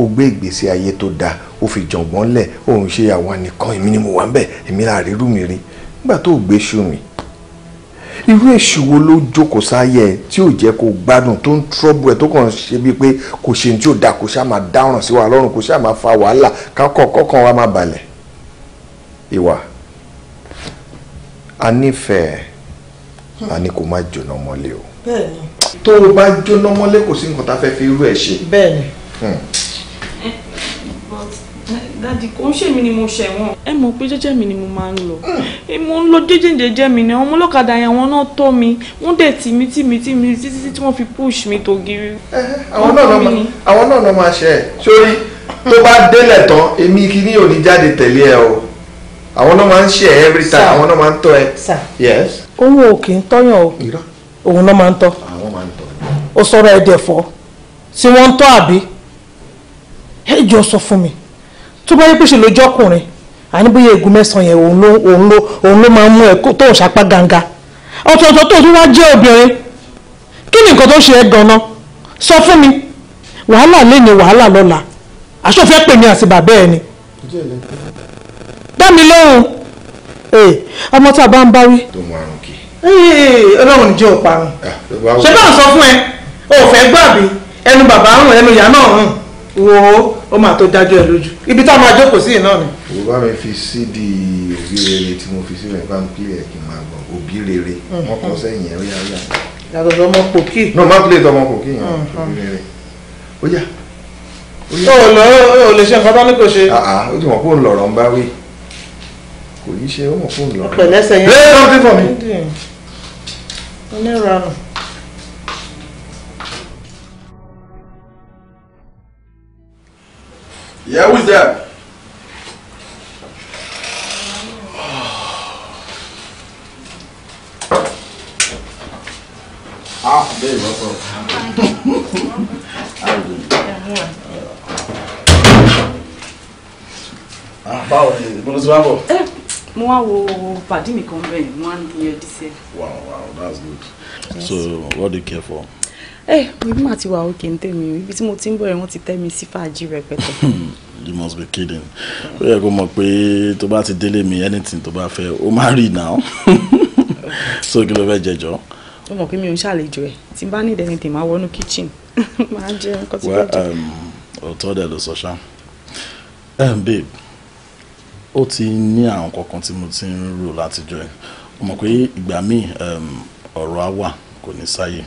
o gbé ìgbésí ayé tó dáa ó fi jọ̀gbọ́n lẹ̀ òun ṣe àwọn nìkan èmi ni mo wà ń bẹ̀ èmi là rí rúmi rí nígbà tó gbé ṣu mi irú èṣù wo ló jókòó sáyẹ tí ò jẹ́ kó gbádùn tó ń trọ́bù ẹ̀ tó kàn ṣe bíi pé kò ṣe ní tí ò dáa kò ṣáà máa dáràn sí wa lọ́rùn kò ṣáà máa fa wàhálà kákọ̀ kọ́kàn wa máa balẹ̀ ìwà a nífẹ̀ẹ́ a ní kó má jóná mọ́lé o tó o bá jóná mọ́lé kò sí nǹkan tá a fẹ́ fi irú ẹ̀ ṣe. bẹ́ẹ̀ni. Hmm dáàdì kò ń ṣèmi ni mo ṣẹ̀ wọ́n. ẹ mọ̀ pé jẹ́jẹ́ mi ni mo máa ń lọ mo ń lọ jẹ́jẹ́jẹ́jẹ́ mi ni àwọn ọlọ́kadà yẹn àwọn náà tọ́ mi wọ́n dẹ̀ tì mí tì mí tì mí títí tí wọ́n fi push mi tó giri. àwọn náà náà máa ṣe ẹ sórí tó bá délẹ̀ tán èmi kì ní òní jáde tẹ̀lé ẹ o àwọn náà máa ń ṣe ẹ every time àwọn náà máa ń tọ́ ẹ. owó ò kì í tọ́yàn o òun náà máa ń tọ́ o sọ̀rọ̀ ẹ̀dẹ̀fọ́ tí wọ́n ń tọ́ àbí ẹ jọ sọ fún mi tó bá yẹ pé ṣe ló àní bóyá yẹn òun ló ganga ọ̀tọ̀ọ̀tọ̀ tó tún wá jẹ́ obìnrin kí ni nǹkan tó ṣe sọ fún mi wàhálà wàhálà lọ́la pè ní àti bàbá ẹ ni ọmọ a bá ń bá ọlọ́run ní jẹ́ òparun ah, ṣé báà ó máa tó dájú ẹ lójú ibi tá a máa jókòó sí yìí náà ni. òwò bá mi fi sídi òbí rere tí mo fi sílẹ̀ bá ń pílẹ̀ kí n máa gbọ̀n òbí rere mhm. wọ́n kọ́ sẹ́yìn ẹ̀rí ayé àná. yàtọ̀ sọ ọmọ pòkì. náà má pílẹ̀ tọmọ pòkì yẹn òbí mhm. rere ó yà. o lọ o lè ṣe nǹkan bá ní kò ṣe. ó ti mọ̀ kó lọ̀rọ̀ ń bá wí kò ní ṣe ó mọ̀ kó lọ̀rọ̀. pẹ̀lẹ́sẹ̀ yẹn. lẹ́yìn náà fífọ̀ mi. Yeah, who's there? ah, babe, what's up? How you doing? Ah, báwo ni mo lọ sí bábọ̀? Eh, mo wá wo pàdé mi kan bẹ́ẹ̀, mo wá ní Wow, wow, that's good. Yes. So, what do you care for? Hey, we mà be wà Tell me, tèmi o ibi tí mo Want to tell me? wọ́n ti tẹ́ mi you must be kidding We are going to pé To buy to delay me anything To buy fẹ́ ó má now so kí ló fẹ́ jẹjọ́. are mọ̀ pé mi ò ń ṣàlejò ẹ̀ tí n bá ní ìdẹ́ni tèmi á wọnú kitchen máa jẹ nǹkan tí wọ́n jẹ. Um, ọ̀tọ́ dẹ̀ ló sọ ṣá um, babe ó ti ní àwọn kankan tí mo ti ń rò látijọ́ ẹ̀ ó mọ̀ pé ìgbà míì um, ọ̀rọ̀ á wà. Um, kò ní sáyè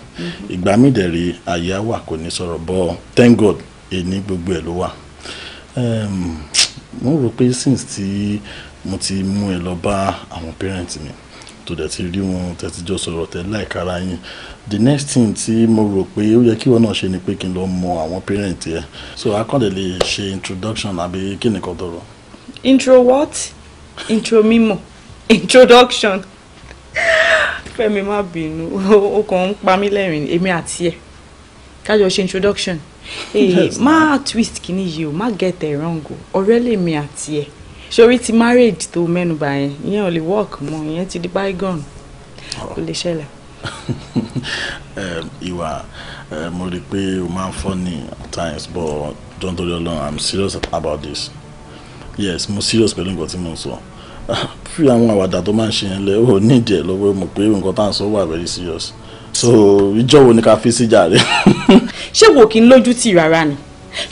ìgbà mi dẹ̀ ayé wà kò ní sọ̀rọ̀ bọ́ thank god èní gbogbo ẹ̀ ló wà ehm, mo rò pé since tí mo ti mú ẹ lọ bá àwọn parents mi tó dẹ̀ ti rí wọn tẹ̀ jọ sọ̀rọ̀ tẹ̀ láìka ara yín the next thing tí mo rò pé ó yẹ kí wọn náà ṣe ni pé kí n lọ mọ àwọn parent yẹ so akọ́dẹ̀ lè ṣe introduction àbí kí nìkan tọrọ. intro what intro mimo introduction. Fẹ́mi má bínú ó kàn ń pa mí lẹ́rìn èmi àti ẹ̀ kájọ ṣe introduction má twist kìíní yìí o má get ẹ̀ wrong o ọ̀rẹ́ lèmi àti ẹ̀ sórí ti marriage tó mẹ́nuba yẹn ìyẹn ò lè work mọ́ ìyẹn ti di bygone kò lè ṣẹlẹ̀. ìwà mo rí i pé o máa ń funny at times but don't tell me long i'm serious about this yes mo serious pẹ̀lú nǹkan tí mo sọ. So fi àwọn àwàdà tó máa ń ṣe yẹn lẹ ò ní ìdí ẹ lọ́wọ́ mọ̀ pé nǹkan tá à ń sọ wà very serious so ìjọ wo ni ká fi sí jàre. ṣé wò kí n lójú tì rárá ni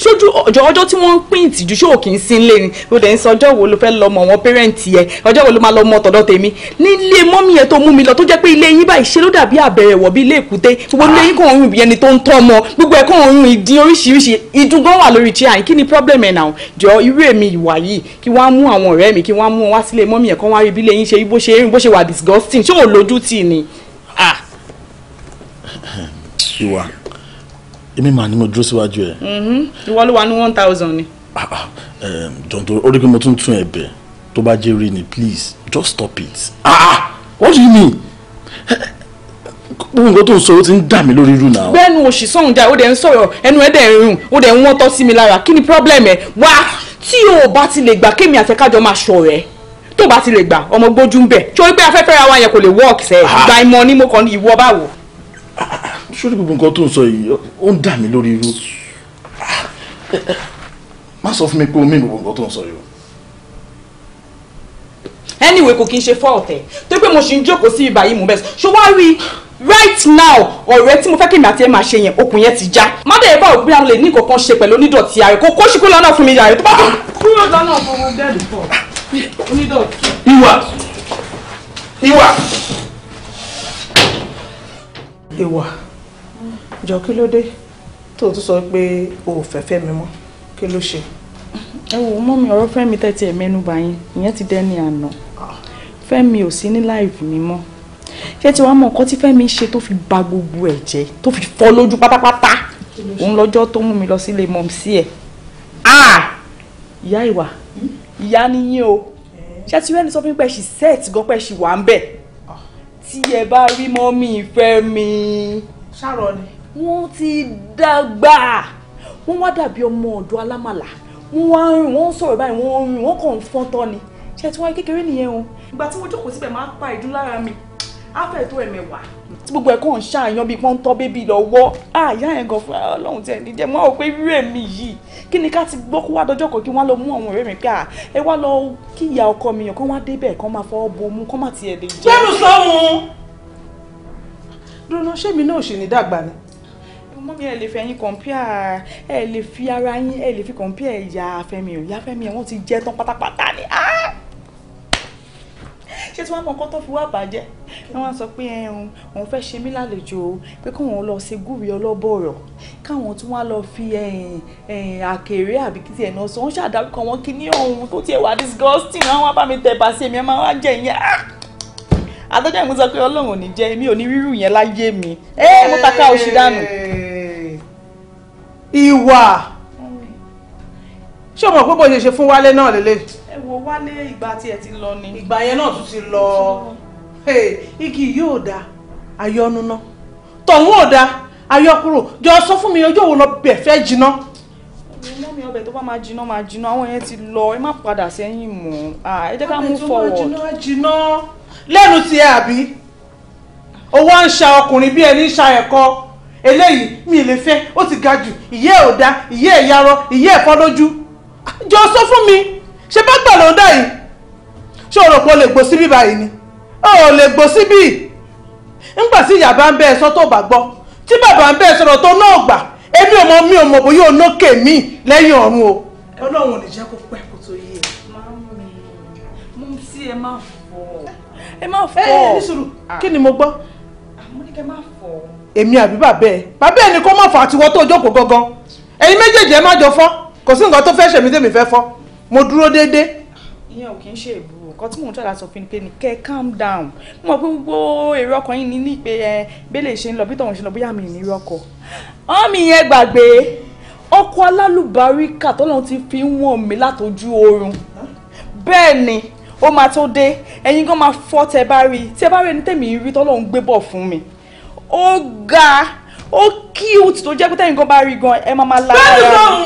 ṣojú ọjọ́ ọjọ́ tí wọ́n ń pín ìtìjú ṣé òkè ń sin lé ni o dẹ̀ ń sọ ọjọ́ wo ló fẹ́ lọ mọ àwọn pẹ́rẹ́ǹtì ẹ ọjọ́ wo ló máa lọ mọ tọ̀dọ̀ tèmi nílé mọ́mí yẹn tó mú mi lọ tó jẹ́ pé ilé yín báyìí ṣe ló dàbí àbẹ̀rẹ̀wọ̀ bí ilé èkúté gbogbo ilé yín kàn ń rùn bí ẹni tó ń tọ́ ọmọ gbogbo ẹ̀ kàn ń rùn ìdí oríṣiríṣi ìdun gan wà lórí chair kí ni problem ẹ̀ náà jọ irú èmi ìwà yìí kí wọ́n á mú àwọn ọ̀rẹ́ mi kí wọ́n á mú wọn wá sílé mọ́mí yẹn kán wá rí bí ilé yín ṣe bó ṣe rìn bó ṣe wà disgusting èmi màá ní mo dúró síwájú ẹ. Mm-hmm. ìwọ ló wà ní one thousand ni. Ah, ah, um, jọ̀ǹtò orí pé mo tún tún ẹ bẹ̀ tó bá jẹ́ rí ni please just stop it. Ah, ah, what do you mean? gbogbo nǹkan tó ń sọ ó ti ń dà mí lórí irú náà. bẹ́ẹ̀ ni òṣì sọ̀hún dá ó dẹ̀ ń sọ̀rọ̀ ẹnu ẹ̀ dẹ̀ ń rùn ó dẹ̀ ń wọ́n tọ́ sí mi lára kí ni problem ẹ̀ wá tí o bá ti lè gbà kémi àtẹ̀kájọ máa ṣọ̀rẹ́ tó bá ti lè gbà ọmọ gbójú ń bẹ̀ torí pé afẹ́fẹ́ ra wa yẹn kò lè work sẹ́ẹ̀ gba ìmọ̀ ni mo kàn ní ìwọ báwo sórí gbogbo nǹkan tó ń sọ yìí ó ń dà mí lórí irú má sọ fún mi pé o mí gbogbo nǹkan tó ń sọ yìí o. anyway kò kí n ṣe fọ́ ọ̀tẹ̀ tó pé mo ṣì ń jókòó sí ibà yìí mo bẹ̀ ṣó wá rí right now ọ̀rẹ́ tí mo fẹ́ kí mi àti ẹ̀ máa ṣe yẹn okùn yẹn ti já má bẹ̀rẹ̀ bá òpin àwọn lè ní kankan ṣe pẹ̀lú onídọ̀tí ààrẹ kò kó ṣìkúrò lọ́nà fún mi ààrẹ tó bá tó. kúrò lọ́nà fún mi dẹ́ẹ̀dì pọ̀ onídọ̀tí. ìwà ìwà. ìwà jọ kí ló dé tó tún sọ pé o ò fẹ́fẹ́ mi mọ́ kí ló ṣe. ẹ wo mọ́mì ọ̀rọ̀ fẹ́mi tẹ́tí ẹ̀ mẹ́nu bà yín ìyẹn ti dẹ́ni àná fẹ́mi ò sí ní láìfù mi mọ́ ṣé tí wàá mọ nǹkan tí fẹ́mi ṣe tó fi ba gbogbo ẹ̀ jẹ́ tó fi fọ́ lójú pátápátá òun lọ́jọ́ tó mú mi lọ sílé mọ̀mísí ẹ̀ ìyá ìwà hmm? ìyá níyìn o eh. ṣé tí wẹ́n ní sọ fún mi pé ṣì sẹ́ẹ̀tì gan pé ṣì wà ń bẹ̀ ah. tí ẹ bá rí mọ́mì fẹ́mi. ṣàrọ̀ ni wọ́n ti dàgbà wọ́n wá dàbí ọmọ ọ̀dọ́ alámàlà wọ́n wá ń rìn wọ́n sọ̀rọ̀ báyìí wọ́n rìn wọ́n kàn ń fọ́n tán ni ṣe tí wọ́n kékeré nìyẹn o. ìgbà tí mo jókòó síbẹ̀ máa ń pa ìdún lára mi afẹ́ tó ẹ̀mẹ̀wà. tí gbogbo ẹ̀ kàn ń ṣàyàn bíi pọ́n ń bébí lọ́wọ́ àyà yẹn gan fún ọlọ́run tẹ̀ ní jẹ́ mọ́ pé irú èmi yìí kí ni ká ti gbọ́ kó wá dọjọ́ kan kí wọ́n lọ mú àwọn ọ̀rẹ́ mi pé à ẹ wá lọ kí ìyá ọkọ mi yàn kán wá débẹ̀ kán máa fọwọ́ bo mu kán má tiẹ̀ lè jẹ́. bẹ́ẹ̀ ló sọ wọn. dùnú ṣé mi náà ò ṣì ní dàgbà ni mọ́mí ẹ lè fi ẹyin compare ẹ lè fi ara yín ẹ lè fi compare ìyá Fẹ́mi o ìyá Fẹ́mi wọ́n ti jẹ́ tán pátápátá ni ah! ṣé tí wọ́n mọ nǹkan tó fi wá bàjẹ́ ni wọ́n sọ pé ẹ̀hún òun fẹ́ ṣe mí lálejò o pé káwọn lọ ṣe gúrí ọlọ́bọ̀rọ̀ káwọn tí wọ́n lọ fi àkèré àbí kí tiẹ̀ náà sọ wọ́n ṣàdárúkọ wọn kí ní ohun tó tiẹ̀ wà disgusting àwọn abámi tẹ̀ bá ṣe mi ẹ máa wá jẹ ìyẹn àtọ́jà ah! ìmúsọ pé ọlọ́run ò ní jẹ́ mi ò ní rírù yẹn láyé mi ẹ eh, mo ká oṣù dànù ìwà ṣé o mọ̀ pé bó ṣe ṣe fún wálé náà lélẹ̀. ẹ wo wálé ìgbà tí ẹ ti lọ ni. ìgbà yẹn náà tún ti lọ igi yóò da ayọ́nu ná tọ̀hún ò da ayọ́ kúrò jọ sọ fún mi ojú òun lọ bẹ̀ fẹ́ jiná. ọmọ mi ọbẹ̀ tó bá máa jiná máa jiná àwọn yẹn ti lọ ẹ má padà sẹ́yìn mọ́ ẹ jẹ́ ká mú forward. ọbẹ̀ tó máa jiná jiná lẹ́nu tiẹ̀ àbí owó à ń ṣa ọkùnrin bí ẹni ń ṣa ẹ̀kọ́ eléyìí mi lè fẹ́ ó ti ga jù ìyẹ́ ò da ìyẹ́ ìyarọ ìyẹ́ ẹ̀fọ́ lójú jọ sọ fún mi ṣe bá gbà ló ń dà yìí ṣé o rò pé o lè gbó síbí báyìí ni o ò lè gbó síbí ńgbà tí ìyá bá ń bẹ ẹsọ tó bá gbọ́ tí bàbá ń bẹ sọ̀rọ̀ tó náà gbà èmi ò mọ mi ò mọ bóyá onókè mi lẹ́yìn ọ̀run o. ọlọ́run ò lè jẹ́ kó pẹ́ kó tó yé e. mo ń sí ẹ máa fọ ẹ máa fọ ẹ ní ah. ni mo gbọ́. Ah, èmi àbí bàbá ẹ bàbá ẹ ni kó má fà àtiwọ́ tó jókòó gangan ẹ̀yin méjèèjì ẹ má jọ fọ́ kò sí nǹkan tó fẹ́ ṣèmi tèmi fẹ́ fọ́ mo dúró déédéé. ìyẹn ò kì í ṣe èbú nǹkan tí mò ń tọ́lá sọ fún mi pé ní calm down mo mọ̀ pé gbogbo èrò ọkàn yìí ní ní pé ẹ bẹ́lẹ̀ ṣe ń lọ bí tọ̀hún ṣe lọ bóyá mi ní irú ọkọ̀ ọ́mì yẹn gbàgbé ọkọ̀ alálùbáríkà tọ́lọ́run ti fi ń wọ̀n mi látọjú oorun bẹ́ẹ̀ ni ó máa tó dé ẹ̀yin gan máa fọ́ tẹ bá rí tẹ bá rí ẹni tẹ̀mí rí tọ́lọ́run gbé bọ̀ fún mi ó ga ó cute tó jẹ́ pé tẹ́yìn kan bá rí gan ẹ máa máa lára rẹ̀.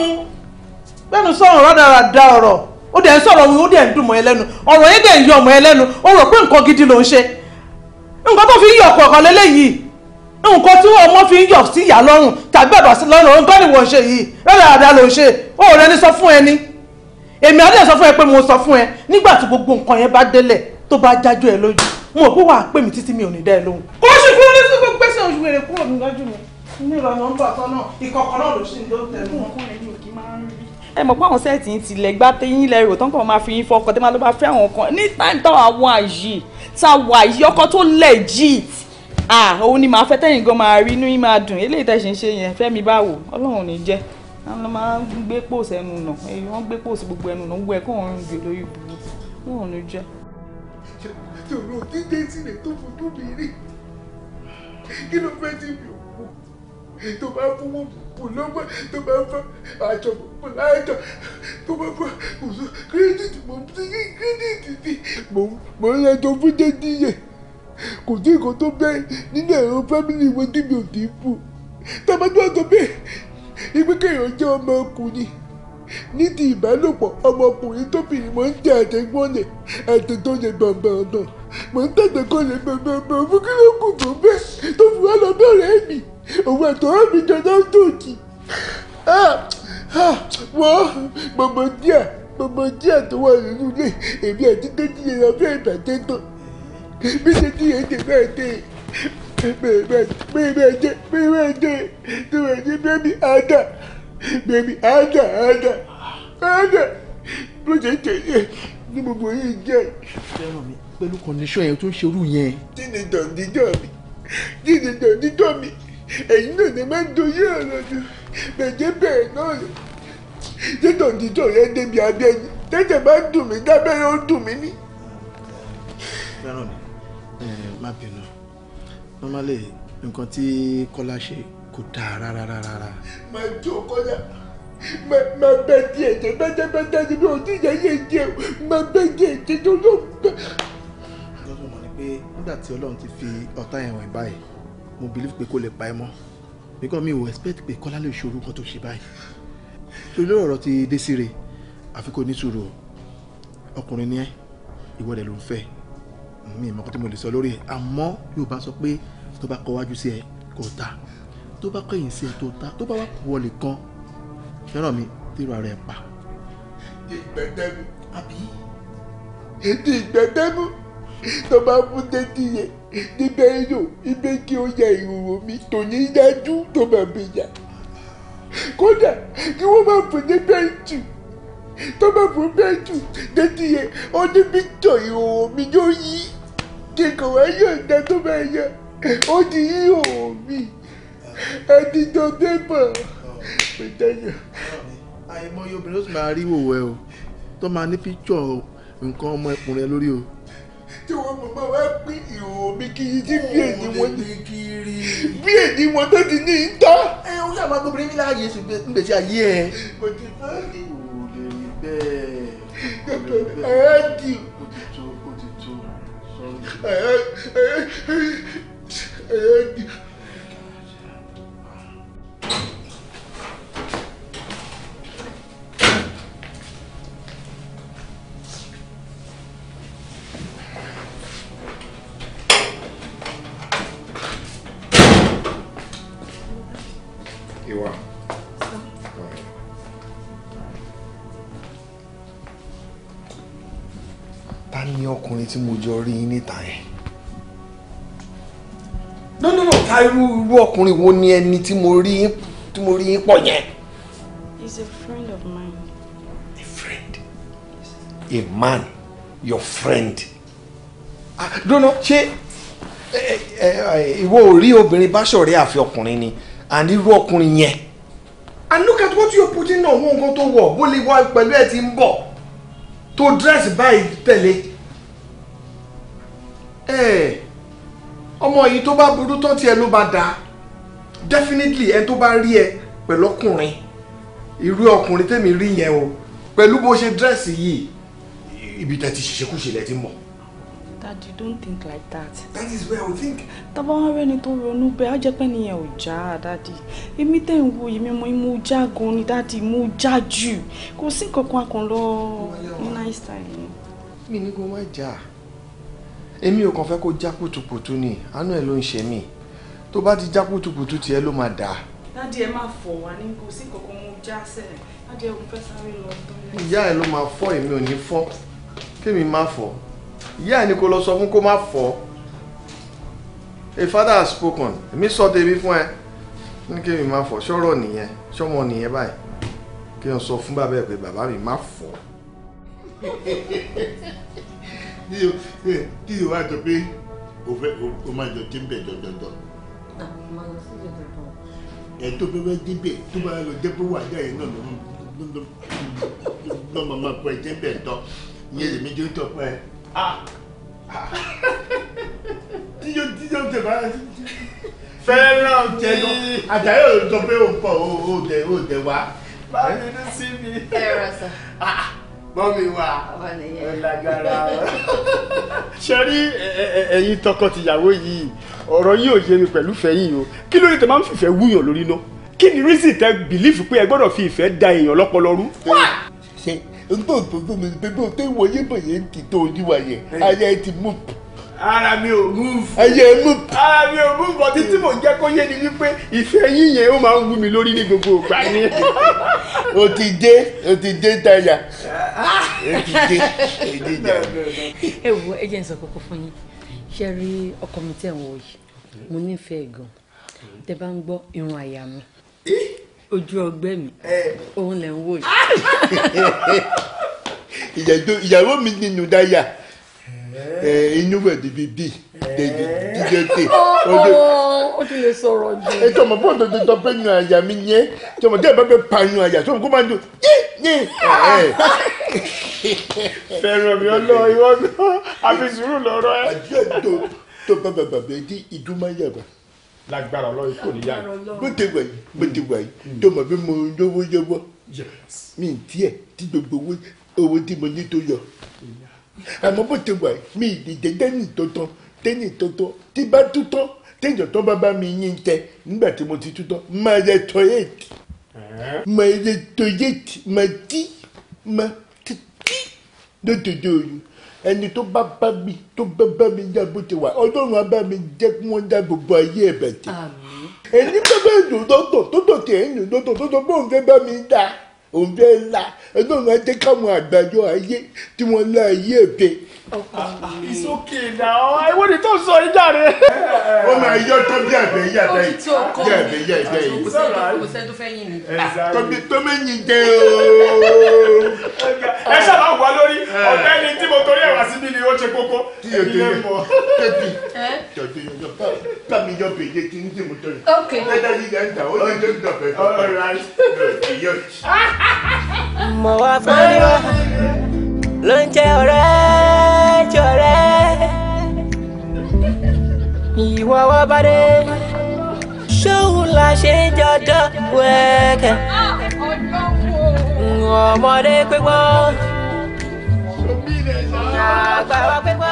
bẹ́ẹ̀ni sọ̀rọ̀ bẹ́ẹ̀ni sọ̀rọ̀ rádaràda ọ̀rọ̀ ó dẹ̀ ń sọ̀rọ̀ òun ó dẹ̀ ń dùn mọ́ ẹ lẹ́nu ọ̀rọ̀ yẹn dẹ̀ ń yọ ọmọ ẹ lẹ́nu ó rò pé nǹkan gidi ló ń ṣe nǹkan tó fi ń yọ ọ̀kọ̀ọ̀kan lélẹ́yìí nǹkan tí ọmọ fi ń yọ sí ìyá lọ́rùn tàbí bàbá sí lọ́rùn òun gbọ́dọ̀ wọ́n ṣe yìí rádaràda ló ń ṣe ó rẹ̀ ní sọ fún ẹni èmi á dẹ̀ sọ fún ẹ pé mo sọ fún ẹ nígbà tí gbogbo nǹkan yẹn bá délẹ̀ tó bá jájú ẹ lójú mo rò pé wàá pè mí títí mi ò ní dá ẹ lóhùn. kó sì kúrò ní sí gbogbo oṣù wèrè kúrò ní lọ́jú mi nílò nọ́mbà tọ́nà ìkọ̀kọ̀ náà ló sì ń ló tẹnu mọ́. ẹ mọ̀ pé àwọn sẹ́ẹ̀tì yìí ti lẹ̀ gbá téyín lẹ́rù tó ń kàn máa fi yín fọkàn tẹ́ máa ló bá fẹ́ àwọn kan ní táìmù táwọn àwọn àyè táwọn àyè ọkọ tó legit ah òun ni màá fẹ́ tẹ̀yìn gan máa rí inú yín máa dùn eléyìí tẹ̀sí ń ṣe yẹn fẹ́mi báwo ọlọ́run ní jẹ́ àwọn ló máa ń gbé pòsì ẹnu nà èyí wọ́n gbé pòsì gbogbo ẹnu nà gbogbo ẹ̀ kó òun rìn gbè lórí ibùdó ọlọ́run ní jẹ́. yòrò dídé sílẹ̀ tó fojú mi rí kí ló fẹ́ tí mi ò kú tó bá fowó bù lọ́gbà tó bá fa àjọ bù láàjọ tó bá fa òṣù kírẹ́dìtì mò ń fi kírẹ́dìtì sí mò ń lẹ́jọ́ fún jẹ́jì yẹ kò sí nǹkan tó bẹ́ẹ̀ nílẹ̀ ẹ̀rọ fámìlì wọn tí mi ò kì í bù tàbátú àtọ́ bẹ́ẹ̀ ibi kéèyàn jẹ́ ọmọ ọkùnrin ní ti ìbálòpọ̀ ọmọkùnrin tóbìnrin mọ́ ń jẹ́ àtẹ̀gbọ́n lẹ̀ àtẹ̀tọ́ lẹ̀ gbọ̀ngbọ̀n náà mo ń tètè kọ́ lè bẹ̀bẹ̀bẹ̀ fún kí ló kù tó bẹ́ẹ̀ tó fi wá lọ bẹ̀rẹ̀ mi òun àtọ́rọ́ mi jọjọ́ tòkì wọ́n gbogbo díẹ̀ gbogbo díẹ̀ tó wà nínú ilé èmi àti kejì yẹn lọ bẹ́ẹ̀ bàtẹ́ tán bí ṣe ti yẹn ti bẹ́ẹ̀ dé bẹ́ẹ̀ bẹ́ẹ̀ dé bẹ́ẹ̀ bẹ́ẹ̀ dé tó wẹ̀ ní bẹ́ẹ̀bí ada bẹ́ẹ̀bí ada ada ada bó ṣe tẹ̀lé ní gbogbo yìí jẹ́ pẹ̀lú condition yẹn tó ń ṣerú yẹn. kí ni dọ̀ndídọ̀ mi kí ni dọ̀ndídọ̀ mi ẹ̀yin náà ni máa ń doyé ọ̀rọ̀ ni bẹ̀jẹ̀ bẹ̀rẹ̀ náà lọ ṣé dọ̀ndídọ̀ yẹn débi abẹ́yìn tẹ́tẹ̀ bá dùn mí dábẹ́rẹ́ ó dùn mí ní. fẹ́ràn mi má bínú normally nǹkan tí kọ́lá ṣe kò dáa rárá rárá. máa jó kọ́lá ma bẹ díẹ̀ jẹ́ bẹ́tẹ́bẹ́tẹ́ ni mi ò ti yẹ yé díẹ̀ ma bẹ díẹ̀ jẹ́ tó ló ń pé nígbà tí ọlọ́run ti fi ọ̀tá yẹn wọ̀nyí báyìí mo believe pé kò lè pa ẹ mọ́ because mi ò expect pé kọ́lá lè ṣòro kan tó ṣe báyìí torí lórí ọ̀rọ̀ ti dé sí re àfi kò ní sùúrù ọkùnrin ni ẹ ìwọ rẹ ló ń fẹ́ mi ìmọ̀ kan tí mo lè sọ lórí ẹ àmọ́ yóò bá sọ pé tó bá kọ wájú sí ẹ kò ta tó bá kọ̀yìn sí ẹ tó ta tó bá wà kú wọlé kan fẹ́ràn mi tírò ara ẹ pa. ìgbẹ́dẹ́nu àbí ètò ìgbẹ́dẹ́nu tó bá fún dédì yẹn níbẹ̀ yóò ibẹ̀ kí ó ya ìhòòhò mi tò ní dájú tó bá mi yà kódà kí wọ́n máa fún ní bẹ́ẹ̀jù tó bá fún bẹ́ẹ̀jù dédì yẹn ó ní píktọ̀ ìhòòhò mi yóò yí kíkọ̀ wá yọ̀ǹda tó bá yà ó di ìhòòhò mi ẹni tó dé bọ̀ pẹ̀tẹ́yà. àìmọye obìnrin ló sì máa rí wòwẹ́ o tó máa ní píktọ̀ nǹkan ọmọ ẹkùnrin lórí o tí wọn mọ̀mọ́ wá pín ìhòòhò mi kiri tí bí èdè wọn ní bí èdè wọn tó ti ní í tán. ẹ ó yà máa gbóbìnrin nílá ayé ìgbésí ayé ẹ. kò ti fẹ́ ìhòòhò lè rí bẹ́ẹ̀. ẹ ẹ di. kò ti tó kò ẹ ẹ ẹ ẹ di. tí mo jọ rí níta yẹn. no no no irú irú ọkùnrin wo ni ẹni tí mo rí tí mo rí yín pọ̀ yẹn. he's a friend of mine. a friend a man your friend. ah dúró ṣé ìwọ ò rí obìnrin bá ṣọ̀rẹ́ àfi ọkùnrin ni and irú ọkùnrin yẹn and look at what you're putting on wọn nǹkan tó wọ̀ bó lè wá pẹ̀lú ẹ̀ tí ń bọ̀ tó dress báyìí tẹ̀lé Eh, ọmọ yìí tó bá burú tán tiẹ̀ ló bá dáa definitely ẹni tó bá rí ẹ pẹ̀lú ọkùnrin irú ọkùnrin tẹ́mi rí yẹn o pẹ̀lú bó ṣe dírẹ́sì yìí ibi tẹ́ ti ṣiṣẹ́kúṣe lẹ́ ti mọ̀. Daddy, don't think like that. That is where I think. Tàbá wọn rẹ́ni tó ronú bẹ́ẹ̀ á jẹ́ pé nìyẹn ò já Daddy. Èmi tẹ̀ ń wo èmi mo mo já gan ni Daddy mo já jù. Kò sí nǹkan kan lọ ní nice time. Mi ní kó má jà. Ja èmi ò kàn fẹ́ kó já pùtùpùtù ni àánú ẹ̀ ló ń ṣe mí tó bá ti já pùtùpùtù tiẹ̀ ló máa dà. dádì ẹ máa fọ wá ní kò sí kankan mo já sẹ́yìn dádì ẹ ò fẹ́ sáré lọ tọ́lẹ̀. ìyá ẹ ló máa fọ èmi ò ní fọ kémi má fọ ìyá ẹ ni kò lọ sọ fún kó má fọ a father has spoken èmi sọ tèmi fún ẹ ní kémi má fọ ṣọ́rọ̀ nìyẹn ṣọ́mọ nìyẹn báyìí kí n sọ fún bàbá ẹ pé bàbá mi má fọ. kí o wá jọ pé o fẹ́ o máa jọ dé bẹ̀ jọjọjọ. ẹ tó fẹ́ fẹ́ dé bẹ̀ tó bá lọ jẹ́ pé wà á jáde náà lọ́ máa máa pọ̀ ẹ jẹ́ bẹ̀ tọ́ ìyẹn lèmi jẹ́ tọ́ pẹ́ tíjọ tíjọ tẹ bá fẹ́ràn tẹ lọ àjàyè ò sọ pé o pọ̀ o dẹ̀ o dẹ̀ wá. báyìí ní sí mi. ẹ rẹ sà. Ah, ah mọ́mí wa ó lágbára ṣe rí ẹ̀yin tọkọ-tìyàwó yìí ọ̀rọ̀ yìí ò yé mi pẹ̀lú fẹ́yìn o kí ló ní tẹ́ máa ń fìfẹ́ wúyàn lórí náà kí ni reason tẹ́ bìlífù pé ẹ gbọ́dọ̀ fi ìfẹ́ da èèyàn lọ́pọlọ rú. ṣe n tó tó tó mi pé bó tó ìwọ yé bẹ̀yẹ̀ kì í tó oníwàyẹ̀ ayé ti mú ara mi ò múùfù. ẹyẹ múùfù. ara mi ò múùfù ọtí tí mò ń jẹ́ kó yé ni wípé ìfẹ́ yín yẹn ó máa ń wú mi lórí ní gbogbo ìgbà ni. o ti dé o ti dé tayà ah! o ti dé o ti dé. ẹ wo ẹ jẹ́ n sọ kókó fún yín ṣe rí ọkọ mi tẹ̀ wọ̀ yìí mo nífẹ̀ẹ́ gan tẹ bá ń gbọ́ irun àyà mi ojú ọgbẹ́ mi òun lẹ̀ ń wò yìí. ìyàwó mi nínú dáyà inú wẹ̀ débi bí débi dídé tè. ó ti lè sọ̀rọ̀ jù. ẹ tọmọ bó tó tó tọpẹ́ yun àyà mi yẹn tọmọ tẹ́ ẹ bá fẹ́ pa yun àyà tọmọ kó máa dùn yé yé. Ah. fẹ́ràn mi ọlọ́ ìwọ náà àfi sùúrù lọ́rọ́ ẹ. àjọ tó tó bá bàbà bẹ́ẹ̀ di ìdúmáyàbà lágbára ọlọ́run kò ní yá bó ti wà yìí bó ti wà yìí tó mọ̀ bí mo lówó yọwọ́ mi tiẹ̀ tí gbogbo owó tí mo ní tó yọ àmọ́ bó ti wà mí ìdíje tẹ́nì tó tán tẹ́nì tó tán tí bá tú tán téèyàn tó bá bá mi yín tẹ nígbà tí mo ti tú tán máa yẹ tọ́yẹ̀tì máa yẹ tọ́yẹ̀tì máa tí máa tí tí lójoojó oyún ẹni tó bá bá mi tó bá bá mi já bó ti wà ọlọ́run á bá mi jẹ́ kí wọ́n já gbogbo ayé ẹ̀bẹ̀ tì. èyí bá bá ìlú lọ́tọ̀ tó tọ̀ tẹ̀ ẹ̀yìn lọ́tọ̀ tó tọ̀ bóun fẹ́ bá mi dáa òun fẹ́ la ẹgbẹ́ wọn jẹ́ káwọn àgbàjọ ayé tí wọ́n lọ ayé èdè. it's okay now ìwọ ni tó sọ yín jáde. ó máa yọ tọ́bí àbẹ̀ yí àbẹ̀ yí yí àbẹ̀ yí àbẹ̀ yí. kò sẹ́ni tó fẹ́ yìn mí. tọ́bí tó mẹ́yìn jẹ́ ooo. ẹ ṣàlàyé wà lórí eh. ọ̀gbẹ́ni tí mo torí ẹ̀wà síbí ni ó ṣe kókó èmi lè mọ̀. tẹ́tì tọ́jú yọjọ yọ bèjì mọ̀ wá fọ́rí wá ló ń jẹ́ ọ̀rẹ́ jọ̀rẹ́ ìwọ wá bá dé la ṣe jọjọ wẹ́kẹ̀ ọmọdé pépọ́ àgbà wa pépọ́.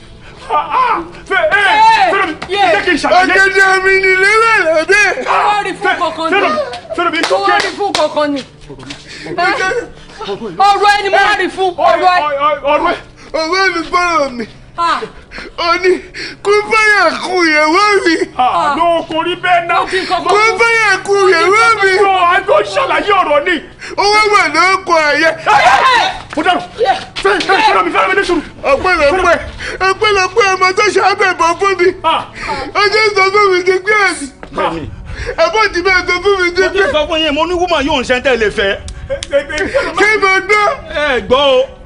ọ̀gẹ̀dẹ̀ mi ni lélẹ̀ lọ́dẹ̀. kó rí fún kankan ni kó rí fún kankan ni. ọ̀rọ̀ ẹni mo rí fún ọ̀rọ̀ ẹ. ọ̀rọ̀ ẹni gbọ́dọ̀ mi ó ní kúnfẹ́yà kú ìyàwó mi. àlọ́ ọkùnrin bẹ́ẹ̀ náà. kúnfẹ́yà kú ìyàwó mi. a tó ṣàlàyé ọ̀rọ̀ ni. owó wà ló kọ àyẹ. mo dàrú fẹ́rẹ̀ mi fẹ́rẹ̀ mi ní sùúrù. ọ̀pẹ̀lọpẹ̀ ọ̀pẹ̀lọpẹ̀ ọmọ tó ṣàbẹ̀bọ̀ fún mi. ó jẹ́ sọ fún mi ti gbé ẹ̀sìn. ẹ̀bọ̀n ti bẹ́ẹ̀ sọ fún mi ti gbé. mo ti sọ fún yín mo ní wúmọ̀ yóò ń ṣẹ́ńtẹ̀ lè fẹ́. kí mo gbọ́. ẹ gbọ́ o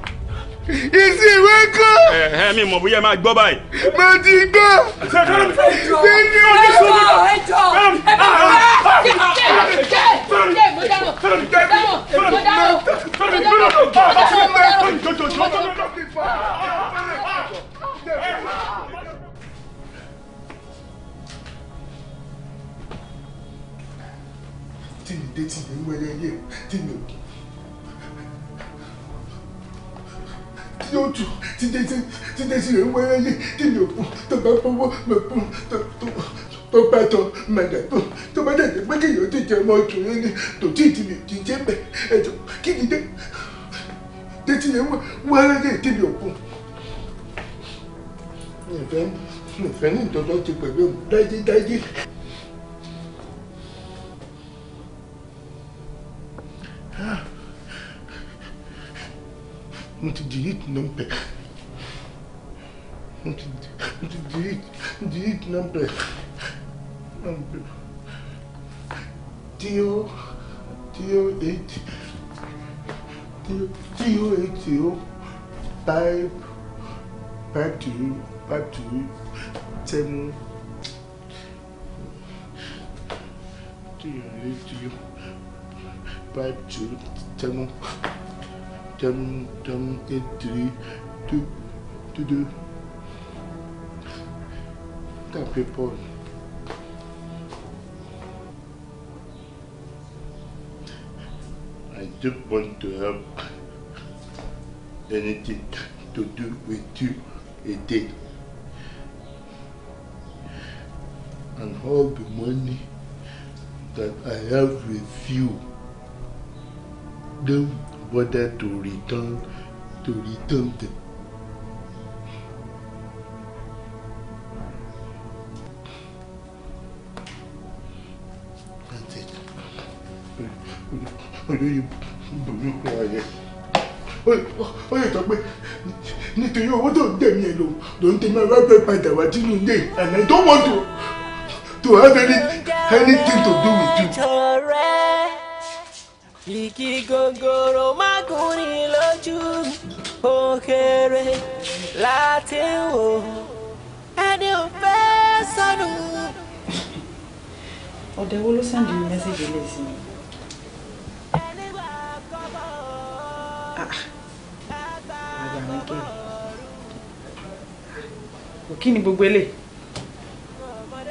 ìsì ìwé kan. ẹ ẹ mi mọ̀ bóyá máa gbọ́ báyìí. mo ti gbọ́. ṣe kí ló ń fẹ́ jọ. ṣe kí ló ń fẹ́ jọ. ẹ jọ ẹ jọ ẹ jọ ẹ jọ ẹ jọ ẹ mo dáná mo dáná mo dáná mo dáná mo dáná. tí mi dé tí mi ń wẹlé ayé tí mi ò yóò tù títí tí títí tí ìwé ẹyẹ kí ni òkun tó bá fọwọ́ mẹ́kún tó tó tó bá tọ mẹ́lẹ̀ tó tó bá dẹ̀ pé kí yóò ti jẹ ọmọ ọkùnrin ni tó tí ìdí mi ti jẹ́ bẹ̀ ẹ̀jọ̀ kí ni dé títí yẹn wọ́n ẹyẹ kí ni òkun. ìfẹ́ ìfẹ́ ní ìtọ́jọ́ ti pẹ̀lú dájídájí. Ah não não não te te mo não delete number mo ti mo ti delete delete number number zero zero eight zero eight zero five five two five two seven zero eight zero five two seven dum dum diddy do do do. That people. I don't want to have anything to do with you again. And all the money that I have with you, don't whether to return to return them. olóyè burúkú ayẹ ó yẹ sọ pé nítorí owó tó ń tẹ̀mí ẹ lò ló ń tẹ̀mí ọwọ́ ẹgbẹ́ padà wá sínú ilé and I don't want to to have any anything to do with you. Igi gogoro mágùn ni lójú òkèrè láti wò ẹni ò fẹ́ sọnù. ọ̀dẹ̀ wo ló sẹ́ndì mẹ́sẹ̀gì lè sí mi. àgbà mi kẹ́ kò kí ni gbogbo eléyìí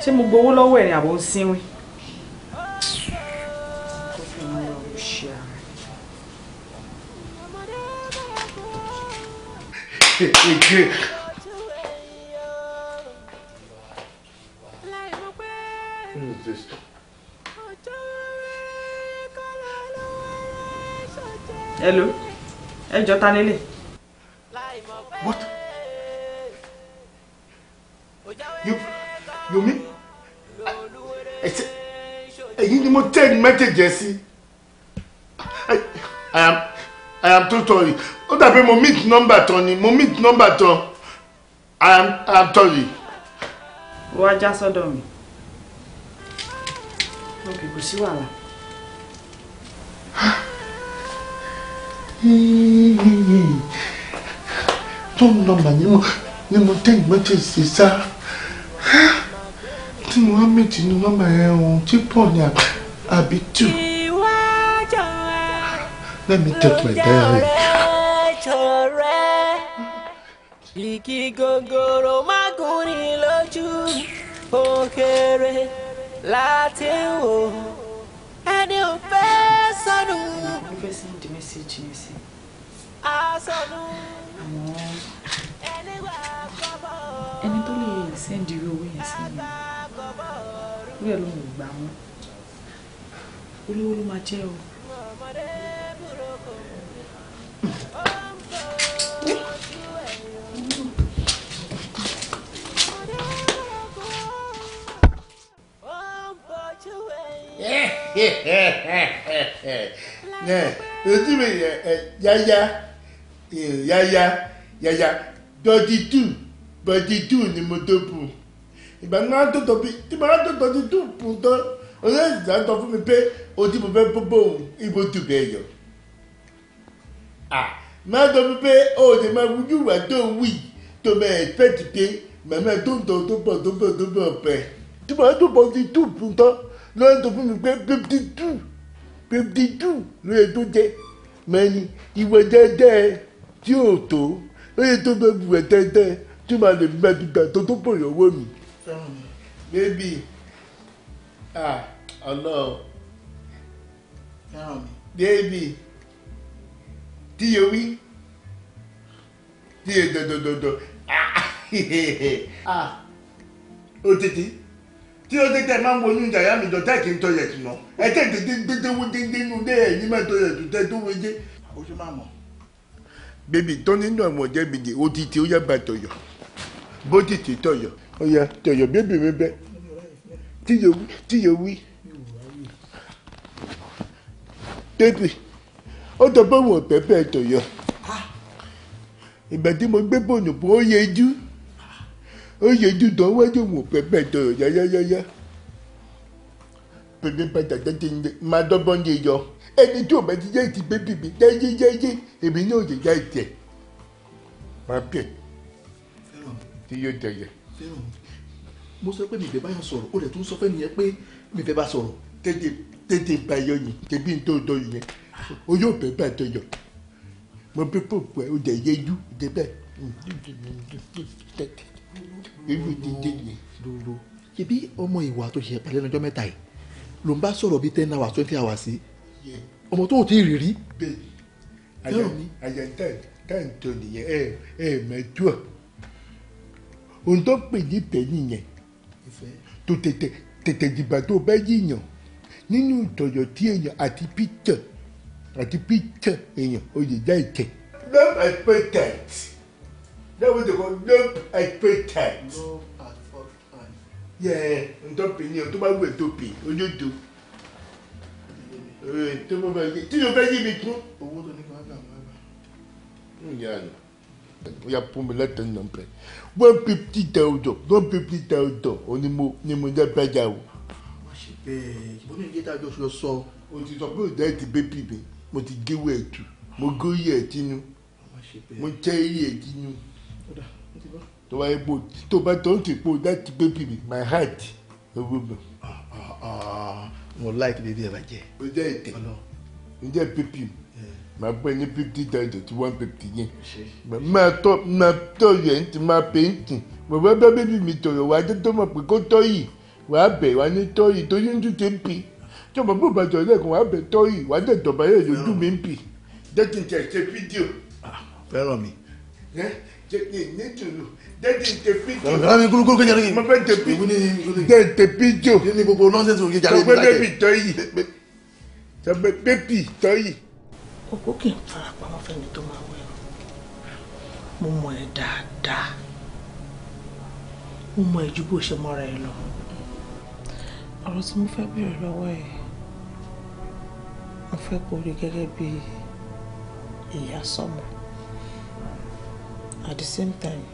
ṣé mo gbowó lọ́wọ́ ẹ̀ ni àbò ń sínwín. ṣe èjì. Hmm, hello Hey, jọ ta what you you mean I èyí ni mo tẹ́ ẹ̀ mẹ́tẹ̀ẹ̀jẹ̀ sí i am i am too sorry ó dàbí mo meet number tán ni mo meet number tán i am i am sorry. wá já sọ́dọ̀ mi òkè kò sí wàhálà. tó ń nọmba nínú nínú tẹ́yìn mọ́tò ṣe sá tí mo wá méjì ní nọmba yẹn ohun tí pọ̀ ní àbí tù. let me take my diary igi gogoro mágùn ní lójú òkèrè láti wò ẹni ò fẹ́ sọnù. mo fẹ́ send the message yẹn sí. a sọnù. àwọn ẹni tó lè send irú owó yẹn sí mi lórí ẹ̀ ló ń gbà wọ́n olówó ló máa jẹ́ o. Yeah yeah, yeah yeah yeah yeah. mi yáyá yáyá yáyá dọ́dí tù dọ́dí tù ni mo tó bù ìgbà náà tó tọ́ bí tí mo bá tó dọ́dí tù bù tán olóòtú sọ fún mi pé ojú mo fẹ́ bóbó ibo tù bẹ́ẹ̀ yọ máa tọ́ mi pé ó lè máa wújú wà tó ń wì tó bẹ́ẹ̀ fẹ́ dìde màmá tó ń tọ́ tó bọ̀ tó bọ̀ tó bọ̀ pẹ̀ tí mo bá tó bọ̀ ti tù bù tán ló ń tó fún mi pé fifty two fifty two ló yẹ tó jẹ mẹ́ni ìwé dẹ́dẹ́ tí ò tó ló yẹ tó fẹ́ ìwé dẹ́dẹ́ tí màá lè fẹ́ gbígbà tó tó pò yọ̀wọ́ mi. bébì ọlọ́ọ̀ bébì tí yóò wí tí yóò dọ̀dọ̀dọ̀dọ̀ ó tètè kí ló dé tẹ máa ń wo inú yàrá mi dọ̀tá kì í tọ yẹ̀tù náà ẹ tẹ̀ dédé dédé wo dédé inú dé ẹ̀yìn máa tọ yẹ̀tù tẹ tó wéjé. o ṣe máa mọ̀. bébì tọ́ni náà mọ̀ jẹ́ mi jẹ o ti ti ó yẹ ba tọ̀yọ̀ bó ti ti tọ̀yọ̀ ó yẹ tọ̀yọ̀ bébì mi bẹ́ tíye wí tíye wí bébì ó tọ́ bọ́ pẹ́pẹ́ tọ̀yọ̀ ìgbà tí mo gbé bòlùbọ́ ó yẹ jú ó yẹ dídán wájú mò fẹ́ bẹ́ẹ̀ dọ̀rọ̀ yáyáyáyá bèbè bàtà tètè máa dọ́gbọ́n yé yọ ẹni tí ò bá ti yá ìtì bébì mi yáyáyáyé èmi náà yẹ yá ìtì ẹ̀ máa bẹ̀ tí yóò jẹyẹ. mo sọ pé mi ìfẹ́ báyọ̀ sọ̀rọ̀ ó lè tún sọ fẹ́ nìyẹn pé mi ìfẹ́ bá sọ̀rọ̀. tètè tètè báyọ̀ yìí tèmi tó tọ́ yẹn o yóò bẹ̀ bàtọ̀ yọ mo bí pòpò ẹ̀ o jẹ̀ yẹjú débẹ̀ irú dídé yẹn. dúró ṣebí ọmọ ìwà tó ṣe ìpàdé lọ́jọ́ mẹ́ta yìí ló ń bá sọ̀rọ̀ bíi ten hours twenty hours sí ọmọ tó ò tí ì rí rí. bẹ́ẹ̀ àyẹ̀ tẹ̀ tẹ̀ ń tó nìyẹn ẹ̀ ẹ̀ mẹ́jọ́ ohun tó pè ní pẹ̀lú yẹn tó tètè tètè dìgbà tó bẹ́ yíyan nínú ìtọ̀yọ̀ tí èèyàn àti píkẹ̀ àti píkẹ̀ èèyàn ò lè já ìkẹ́. love and protect that was the word no expectant. no advertant. yẹ ntọ́pẹ̀ ni o tó bá wù ẹ́ tó pè ojoojú eh, tó bá bẹ tí o bẹ yí mi kú. owó tó ní ká gbà má n yà ni o yà pọ́n mi lẹ́tọ̀ọ́ nínú pẹ̀ one fifty thousand one fifty thousand o mo ni mo jẹ́ bẹ́ẹ̀ jà o. má ṣe bẹ́ẹ̀ mo ní ìdíyẹ́ta jọ sọ sọ. o ti sọ pé o dẹ́ ti bébì mi mo ti géwé ẹ̀tù mo góyè ẹ̀tínú mo jẹ́ iye ẹ̀tínú tó bá yẹ bó tó bá tó ń ti po that baby be my heart ewúro. Ah, ah, ah, mo like baby ẹ bàjẹ́. o jẹ ètè o jẹ baby màá pẹ́ ní fifty thousand tí one fifty yẹn máa tọ́ máa tọ́ yẹn ti máa pèntì mo bá bá bébí mi tọ̀rọ̀ wá dé tó mọ̀ pé kó tọ́ yìí wà á bẹ̀ wá ní tọ́ yìí tó yín tún ti ń pì tí ọmọ bó bàjọ́ lẹ́kùn wà á bẹ̀ tọ́ yìí wà á dẹ̀ dọ̀bà yẹn lójú mi ń pì dẹ́tí ń tẹ̀ ṣe fídíò. fẹ́ràn mi. Ami kulu kulu kejari. Mo fẹ́ tepi. De tepi jo. Kí ni gbogbo nọ́ọ̀sẹ̀sì òkè jàre nígbà tẹ? Sọ pé bébì tọ́ yìí. Sọ pé bébì tọ́ yìí. Òkú kì í fara pamọ́ fẹ́ni tó máa wẹ̀ ọ́. Mo mọ̀ ẹ́ dáadáa. Mo mọ̀ ẹ́ ju bó ṣe mọ́ra ẹ lọ. Ọ̀rọ̀ tí mo fẹ́ béèrè lọ́wọ́ ẹ̀, mo fẹ́ kó rí gẹ́gẹ́ bí ìyá sọ́mọ at the same time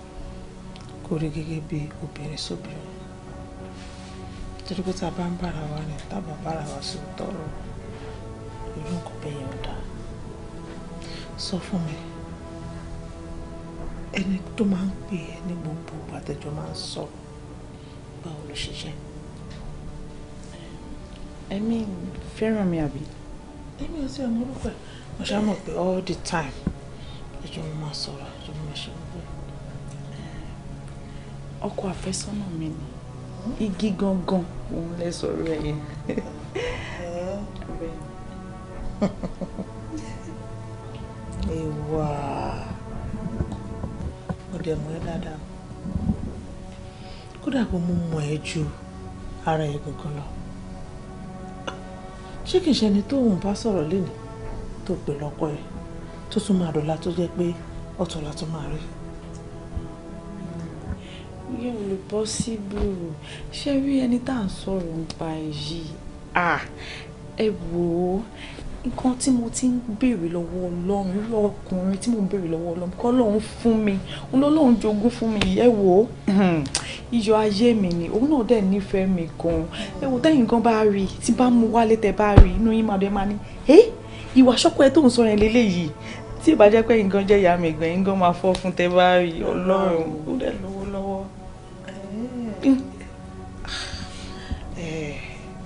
kó rí gẹ́gẹ́ bí obìnrin sóbìnrin torí tá a bá ń bára wa ni tá a bá bára wa sí tọrọ irú nǹkan bẹ́ẹ̀ yẹn ò dáa sọ fún mi ẹni tó máa ń pè é ní gbogbo àtẹjọ máa ń sọ báwo ló ṣe jẹ́. ẹ̀mí fẹ́ràn mi àbí. ẹ̀mí ò ọmọ orúkọ ẹ̀ mo ṣáà mọ̀ pé all the time máa sọ̀rọ̀ àjọmọ̀ máa ṣe wípé ọkọ àfẹ́sọ́nà mi ni igi gangan òun lẹ sọ̀rọ̀ ẹ̀ yẹn. ìwà mo dẹ̀ mọ̀ ẹ́ dáadáa kódà kó mo mọ̀ ẹ́ ju ara ẹ̀ gangan lọ ṣé kìí ṣe ẹni tó òun bá sọ̀rọ̀ lénìí tó pè lọ́kọ ẹ̀ tó tún máa dọ̀la tó jẹ́ pé ọ̀tọ̀ la tó máa rí. yóò lè bọ́ síbù ṣé rí ẹni tá à ń sọ̀rọ̀ nípa èyí ẹ wò ó nǹkan tí mo ti ń béèrè lọ́wọ́ ọlọ́run irú ọkùnrin tí mo ń béèrè lọ́wọ́ ọlọ́run kọ́ lòun fún mi òun lọ́lọ́run jogún fún mi ẹ wò ó iyọ̀ ayé mi ni òun náà dẹ̀ nífẹ̀ẹ́ mi gan-an ẹ wò tẹ́yìn gan bá rí tí bá mú wálé tẹ́ bá rí inú yín máa dé máa ní ẹ ìwà ṣọ́kọ ẹ tó ń sọ yẹn lélẹ́yìí tí ìbá jẹ́ pé nǹkan jẹ́ ìyá mi gan nǹkan máa fọ́ fún tẹ bá rí ọlọ́run kó dẹ̀ lówó lọ́wọ́.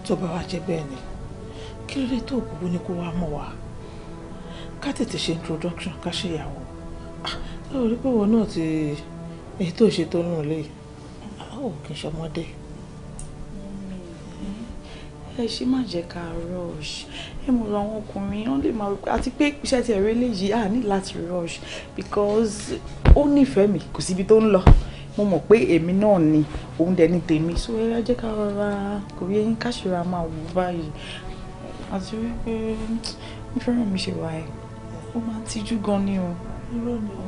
tó bá wa jẹ́ bẹ́ẹ̀ ni kí ló dé tó òkúkú ni kó wá mọ̀ wá ká tètè ṣe introduction ká ṣe ìyàwó lọ́wọ́ ah, rí pé wọn náà ti èyí tó ṣe tó nù lé àwọn òkè ah, ṣọmọdé ẹ ṣe má jẹ́ ká rush ẹ mọ̀ lọ àwọn ọkùnrin wọn lè máa rò àti pé iṣẹ́ ti ẹ̀rọ eléyìí à ní láti rush because ó nífẹ̀ẹ́ mi kò síbi tó ń lọ mo mọ̀ pé èmi náà ni òun dẹ̀ ní tèmi so ẹ jẹ́ ká rọra kò yẹ yín káṣíra máa wò báyìí àti wípé fẹ́ràn mi ṣe wà ẹ́ ó máa ń tijú gan ni o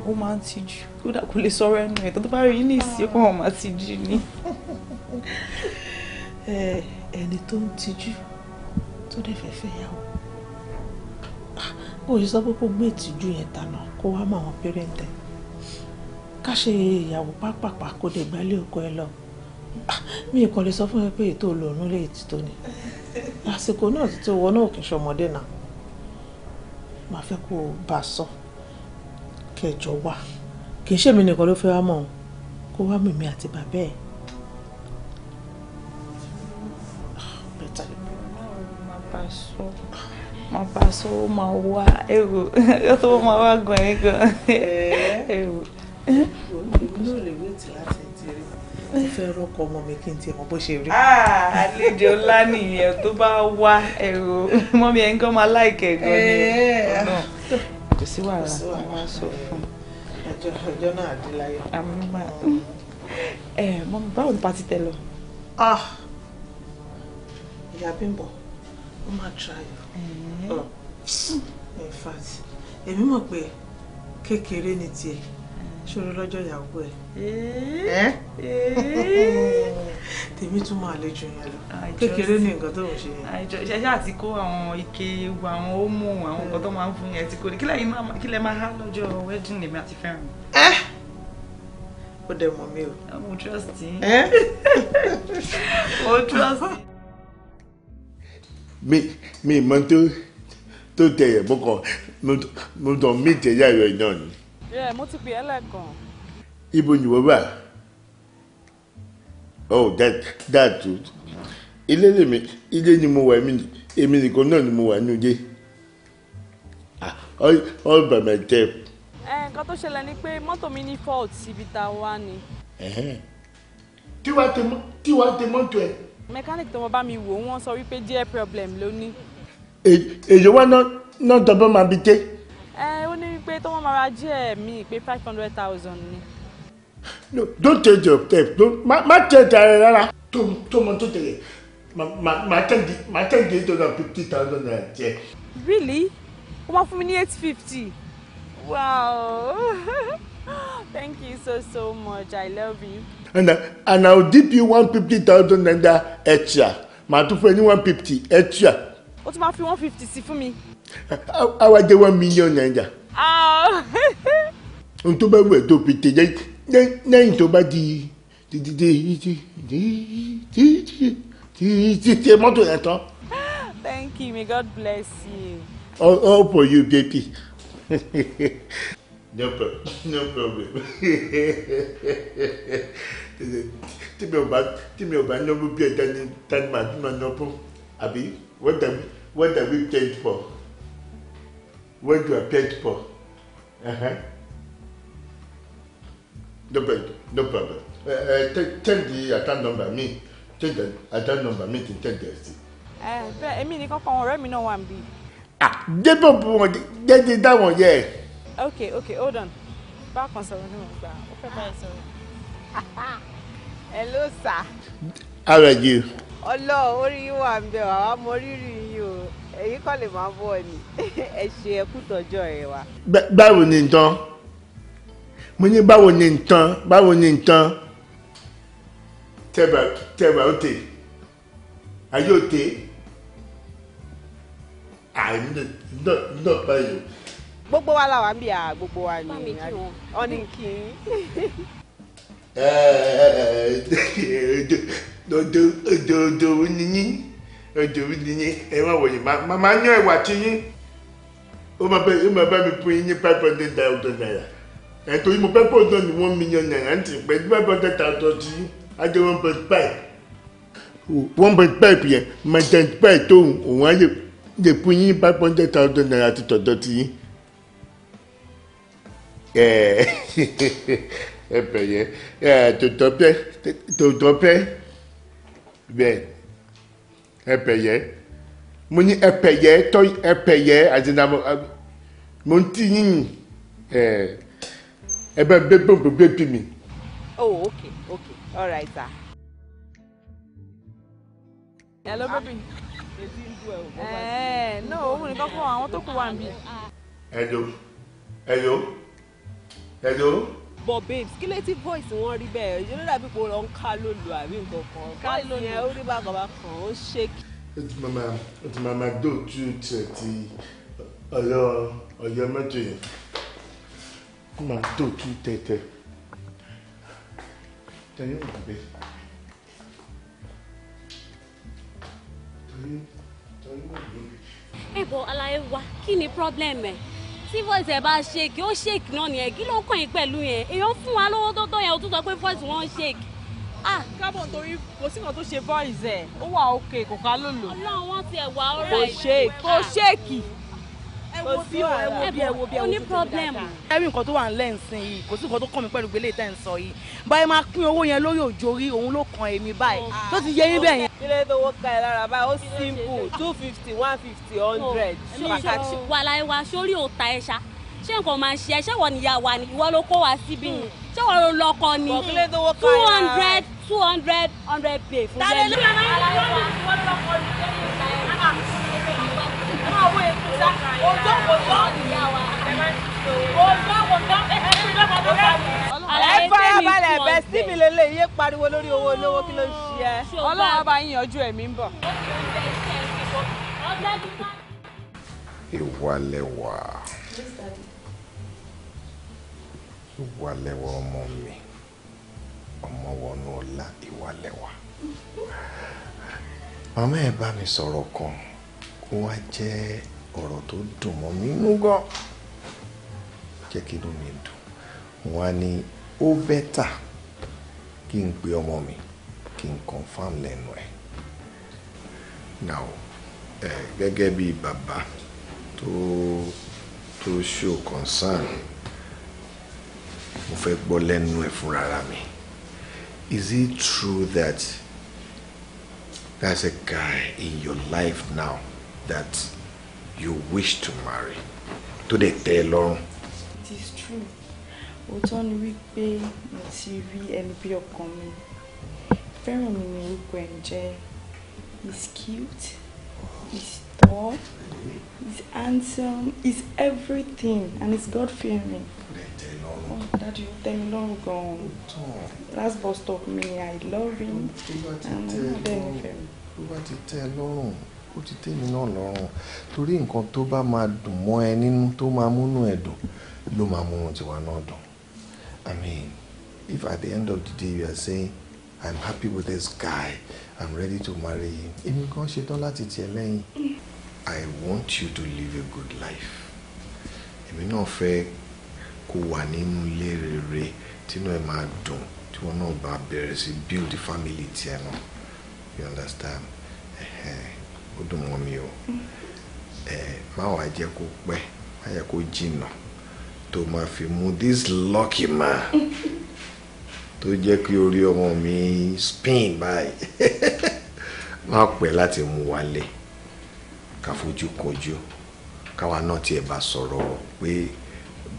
ó máa ń tijú kódà kò lè sọ̀rọ̀ ẹnu ẹ̀ tó bá rí yín ní ìsìnkú ọ̀hún máa tijú ni. ẹni tó ń tijú tó dẹ̀ fẹ́ fẹ́ yàwó ah, ó yẹ sọ pé kó gbé ìtìjú yẹn tànà kó wá mọ àwọn pẹ́rẹ́ǹtẹ̀ ká ṣe ìyàwó pápápá kó dẹ̀ gbálé ọkọ ẹ lọ ah, mi kàn lè sọ fún ẹ pé ètò olóòórùn lè ti tó ni àsìkò náà ti tó wọ náà kì í ṣọmọdé náà màá fẹ́ kó bá a sọ kẹjọ wà kì í ṣèmi nìkan ló fẹ́ wá mọ̀ kó wá mímí àti bàbá ẹ̀ fún máa bá a sọ ó máa wá èrò ó tó máa wá gan ẹ gan èrò. èmi náà lè wéètì láti ti rí mo fẹ́ rọ́kọ ọmọ mi kí n tiẹ̀ mọ bó ṣe rí. Ah, àlejò ńlá nìyẹn tó bá wá èrò mọ́mí ẹ̀ ń gan máa láìkẹ́ gan ni eh, ọ̀nà ah. kò sí wàhálà wọ́n sọ fún un ọjọ́ náà dé láyọ̀. àmúmá ẹ mọ báwo ni pati tẹ lọ. Ah. ìyá Bímbọ́ ó máa try o mm-hmm. oh. in fact èmi mọ̀ pé kékeré ni tiẹ̀ mm. ṣòro lọ́jọ́ ìyàwó ẹ̀ eh. eh? eh. tèmi tún máa le jù yẹn lọ kékeré ní nǹkan tó ń ṣe yẹn. ṣẹṣẹ àti kó àwọn ike wa àwọn ómù àwọn nǹkan tó máa ń fún yẹn ti kó ní kí lẹ máa há lọ́jọ́ wedding lèmi àti fẹ́ràn. ó dẹ̀ mọ̀ mí o. mo trust yín. mo trust yín mi mi mọ tó tó tẹyẹ mo kàn mo tàn mí tẹyà rẹ náà ni. ẹ mo ti pè é lẹ́ẹ̀kan. ibo ni wọ́n wà oh that that too ilé lèmi ilé ni mo wà èmi nìkan náà ni mo wà nílé ah, all by myself. ẹ nǹkan tó ṣẹlẹ̀ ni pé mọ́tò mi ní fault ibi tá a wá ni. tiwa tẹ mọ́tò ẹ mechanic tó wọn bá mi wò wọ́n sọ wípé díẹ̀ problem ló ní. èyí wá náà dọ́gbọ́n máa bi dé. ẹ ó ní wípé tó wọn máa ra díẹ̀ mi pé five hundred thousand ni. no don't change your tape má change tààrẹ rárá tó tó mọ tó tẹ̀lé má change má change eight hundred and fifty thousand naira jẹ. really wọ́n fún mi ní eight fifty wow. Thank you so, so much. I love you. And, uh, and I'll give you thousand naira extra. Màá tún fún ẹ ní 150 extra. O tún máa fi fifty? sí fún mi. A wá dé one million naira. Ohun tó bá wù ẹ́ tó fi tè lẹ́yìn tó bá di di di di di di di di di di di di di mọ́tò yẹn tán. Thank you, may God bless you. All, all for you, baby. No problem. No problem. Tí mi ò bá tí mi ò bá náwó bí ẹja ni tani màá tún máa náwó àbí what are we what are we paid for? What do I paid for? Uh-huh. No problem. No problem. Uh, uh, ten. the account number mi Ten. the account number mi to change the receipt. Ẹ bẹ́ẹ̀ èmi nìkan kan ọ̀rẹ́ mi náà wà níbí. Ah, débò bu wọn jẹ́ ti dá yẹ. Yeah okay okay hold on bákan sọ̀rọ̀ ní ìgbà ó fẹ́ báyìí sọ̀rọ̀. hello sir. how are you. ọlọ orí yín wà ń bẹ wàá mọ rírì yín o èyí kọ́ lè máa bọ̀ ni ẹ ṣe ẹkú tọ́jọ́ ẹ wa. báwo ni nǹkan mo ní báwo ni nǹkan báwo ni nǹkan tẹ́bà tẹ́bà ó tè ayé ó tè àìní náà báyìí gbogbo wa la wà ń bí a gbogbo wa ni ọ̀nì kì í. òdòdó ni yín òdòdó ni yín ẹ má wòye màmá yán ẹwà tí yín ó máa bẹ ó máa bá mi fún yín five hundred thousand naira ẹ̀tọ́ yìí mo fẹ́ pọ̀ náà ní one million naira ń tì pẹ́ five hundred thousand tí adé one point five one point five yẹn mọ̀tẹ́ntì five tó òun á lè fún yín five hundred thousand naira ti tọ̀dọ̀ ti yín ẹbẹ yẹn tòtọ́pẹ́ tòtọ́pẹ́ bẹ́ẹ̀ ẹbẹ yẹn mo ní ẹbẹ yẹn tọ́ ẹbẹ yẹn àdínàmọ́ mo ń tí yín yìn ẹ bẹ gbé gbòǹgbò bí mi. oh okay okay all right hello baby. ẹ̀ẹ́d náà òun nìkan fún àwọn tó kù wà níbí. hello hello hello. but babes kí lè ti voice wọn rí bẹ́ẹ̀ yóò dàbí pé ó ń ká ló lu àbí nǹkan kan ká ló yẹn ó rí bákan bákan ó ṣe. ó ti máa máa ó ti máa máa dóòtú tiẹ̀ ti ọ̀yọ́ ọ̀yọ́ mẹ́tò yẹn ó máa dóòtú tẹ̀tẹ̀ tẹ̀yìn òkú bẹ́ẹ̀ tẹ̀yìn tẹ̀yìn òkú bẹ́ẹ̀. ẹ bọ àlàyé wa kí ni problem ẹ tí voice ẹ̀ bá ṣèkì ó ṣèkì náà nìyẹn kí ló kàn yín pẹ̀lú yẹn èèyàn fún wa lówó tó tó yẹn ó tún sọ pé voice wọn ń ṣèkì. Ah! kábọ̀ nítorí kò sí nǹkan tó ṣe voice ẹ̀ ó wà òkè kò ká lòlò. ọlọ́run wọn ti ẹ̀wà ọ̀rọ̀ ẹ̀ kò ṣèkì ah! kò sí o bí ẹ bí ẹ tó ti dáadáa. ẹ nǹkan tó wà nílẹ̀ nsìn yìí kò sí nǹkan tó kàn mí pẹ̀lú gbélé tẹ̀ ń sọ yìí kílẹ̀ tó wọ́n ká ẹ lára báyìí ó simple two fifty oh, one fifty hundred pàkàtì. wàhálà ìwà sórí òòtà ẹ̀ṣá ṣé nǹkan máa ṣe ẹ ṣé wọ́n níyà wà ní ìwọ ló kó wa síbí ni hmm. ṣé wọ́n ló lọ́kọ ni two hundred two hundred hundred pay fún bẹ́ẹ̀ ni. ọjọ́ kò tán ọjọ́ kò tán ẹ̀ẹ́dẹ́gbẹ̀rún lọ́kọ̀ọ́ ẹ fara balẹ̀ bẹ́ẹ̀ sí mi lélẹ̀ iye pariwo lórí owó olówó kí ló ń ṣe ẹ́ ọlọ́run bá yín yanjú ẹ̀mí ń bọ̀. ìwàlẹ̀wà ìwàlẹ̀wà ọmọ mi ọmọ wọnú ọ̀la ìwàlẹ̀wà màmá ẹ bá mi sọ̀rọ̀ kan wá jẹ́ ọ̀rọ̀ tó dùn mọ́ mi nú gan jẹ́ kí inú mi dùn wọ́n á ní ó bẹ́tà kí n pe ọmọ mi kí n confam lẹ́nu ẹ̀ now ẹ gẹ́gẹ́ bí bàbá tó tó show concern mo fẹ́ gbọ́ lẹ́nu ẹ̀ fúnra mi is it true that there's a guy in your life now that you wish to marry tó dẹ̀ tẹ́ ẹ lọ́rùn òótọ́ ni wípé mo ti rí ẹni bí ọkàn mi fẹ́ràn mi ní orúkọ ẹ̀ ń jẹ́ he's cute he's tall he's handsome he's everything and he's God-fearing. Oh, Daddy, ó tẹ́ mi lọ́rùn gan-an. Last bus stop mi ni I love him and I love him. Tó bá ti tẹ́ ẹ lọ́rùn ó ti tẹ́ mi náà lọ́rùn torí nǹkan tó bá máa dùn mọ́ ẹ nínú tó máa múnú ẹ dùn ló máa múnú tiwa náà dùn. I mean, if at the end of the day you are saying, I'm happy with this guy, I'm ready to marry him, èmi I want you to live a good life. Èmi náà fẹ́ kó wà nínú ilé rere family You understand? Ó dùn mọ́ mi o. Má wàá jẹ́ kó pẹ́, má yẹ kó jìnnà tó máa fi mú this lucky man tó jẹ́ kí orí ọmọ mi spin báyìí má pẹ́ láti mú wálé ká fojú kojú káwa náà tiẹ̀ bá sọ̀rọ̀ pé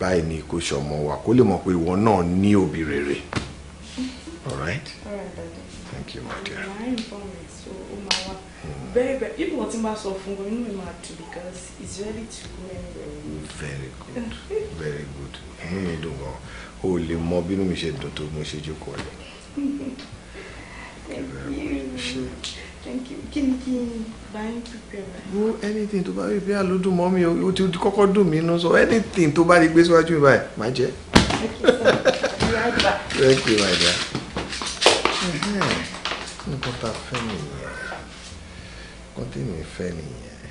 báyìí ni kò sọmọ wa kó lè mọ̀ pé ìwọ náà ní òbí rere all right. all right thank you my dear very very even what Timba saw from you know mad too because it's ready to go Very good, very good. Inú mi dùn gan. O lè mọ bínú mi ṣe dùn tó mo Thank you. Thank you. Kí ni kí n bá prepare? Wo anything tó bá rí bí àlódùn mọ́ mi o ti kọ́kọ́ dùn mí inú sọ anything tó bá buy. gbé síwájú mi báyìí máa Thank you my dear. Nǹkan tá a fẹ́ nǹkan tèmi fẹ́ nìyẹn.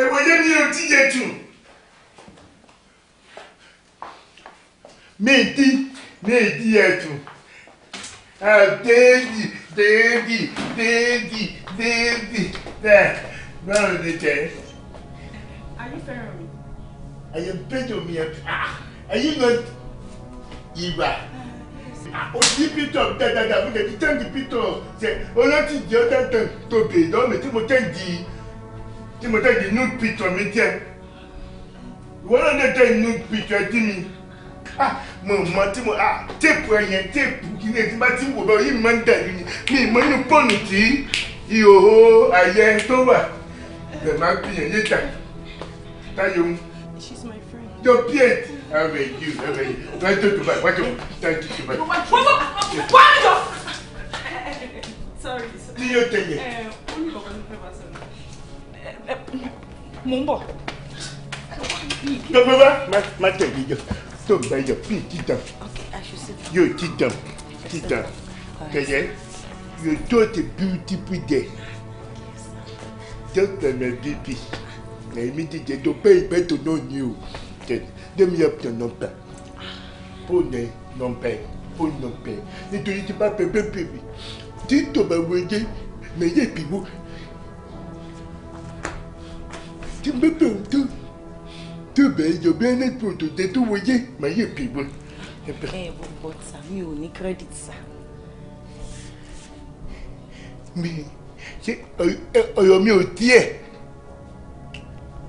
ẹ̀wọ̀n yẹn mi ò tíye jù mi di mi di déèdì déèdì déèdì déèdì bẹ́ẹ̀ báwo ni jẹ́. ayé fẹ́ràn mi. ayé bẹ́jọ mi ẹ̀ ẹ̀yìn náà ìgbà o yí picture dàdàdà mo jẹ ti change picture ṣe olóòtú jẹ ọjọ tẹ tó bèè tí mo change tí mo change new picture mi jẹ ìwọ náà lè change new picture mi ah, mo mọ tí mo ah, téèpù ẹyẹ téèpù kí ni èsì bá ti wò bẹ́ẹ̀ yìí máa ń dàrú ni mi mọ inú fóònù tí ìhòòhò àyẹ tó wà bẹ̀ máa ń gbìyànjú táyé òun. She's my friend. your How may you? How may you? Why don't you buy? Thank you, Shibai. Why Sorry. Ní yóò tẹ̀yẹ. Ẹ ó ní kọ̀ọ̀kan ní fẹ́ bá sọ̀rọ̀. Mò ń bọ̀. Gbogbo wa má tẹ̀lé yọ. Tó ń bá yọ bí dídàn. Yóò dídàn dídàn. don't a my baby. Ẹ̀mí díje tó pé ìgbẹ́ tó náà ní dem help your number phone ẹ number ẹ phone number ẹ nítorí tí bá bẹ̀bẹ̀ bèbè tí tòbá wọlé mẹyẹ ìbíwó tí bẹ̀bẹ̀ ń tó tòbá ẹyọ bí ẹni tòtò tẹ tó wọlé mẹyẹ ìbíwó. ẹ bọ̀ sà mi ò ní kírẹ́dìtì sà. mi ṣe ọ̀rọ̀ mi ò tiẹ̀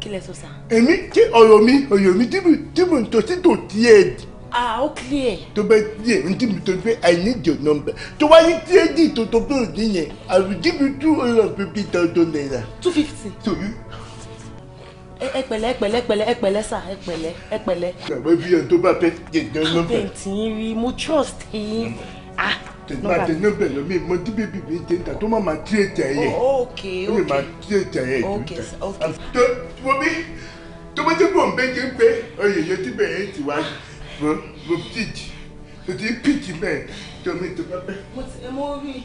kí lẹ sọ sà. èmi tí ọ̀rọ̀ mi ọ̀rọ̀ mi dìbò dìbò ntòsí tó tiẹ̀. ah ó clear. tó bẹ tiẹ̀ n dìbò tó fẹ́ i need your number tó wá ní tiẹ̀ dì tó tó bẹ̀rẹ̀ nìyẹn i will give you two hundred and fifty thousand naira. two fifty. so you ẹ pẹ̀lẹ́ ẹ pẹ̀lẹ́ ẹ pẹ̀lẹ́ ẹ pẹ̀lẹ́ sà ẹ pẹ̀lẹ́ ẹ pẹ̀lẹ́. àwọn ibi yẹn tó bá fẹ́ jẹjẹrẹ lọ́fẹ̀ẹ́. Ah, bẹ́ẹ̀ tí ń rí mo trust yín. ah tẹ̀gbọ́n tẹ̀ ní bẹ̀rẹ̀ lọ mi mọ tí bèbí mi tó má máa tí ètè ẹ̀yẹ oh, ó lè máa tí ètè ẹ̀yẹ jù tẹ̀. tó wọ́n bí tó bá jẹ́ pọ̀ ń bẹ́ jẹ́ ń bẹ́ ọ̀yẹ̀yẹ tí bẹ̀rẹ̀ ti wá bó pitch tó ti pitch bẹ́ẹ̀ tó mi tó bá bẹ́ẹ̀. mo ti mo rí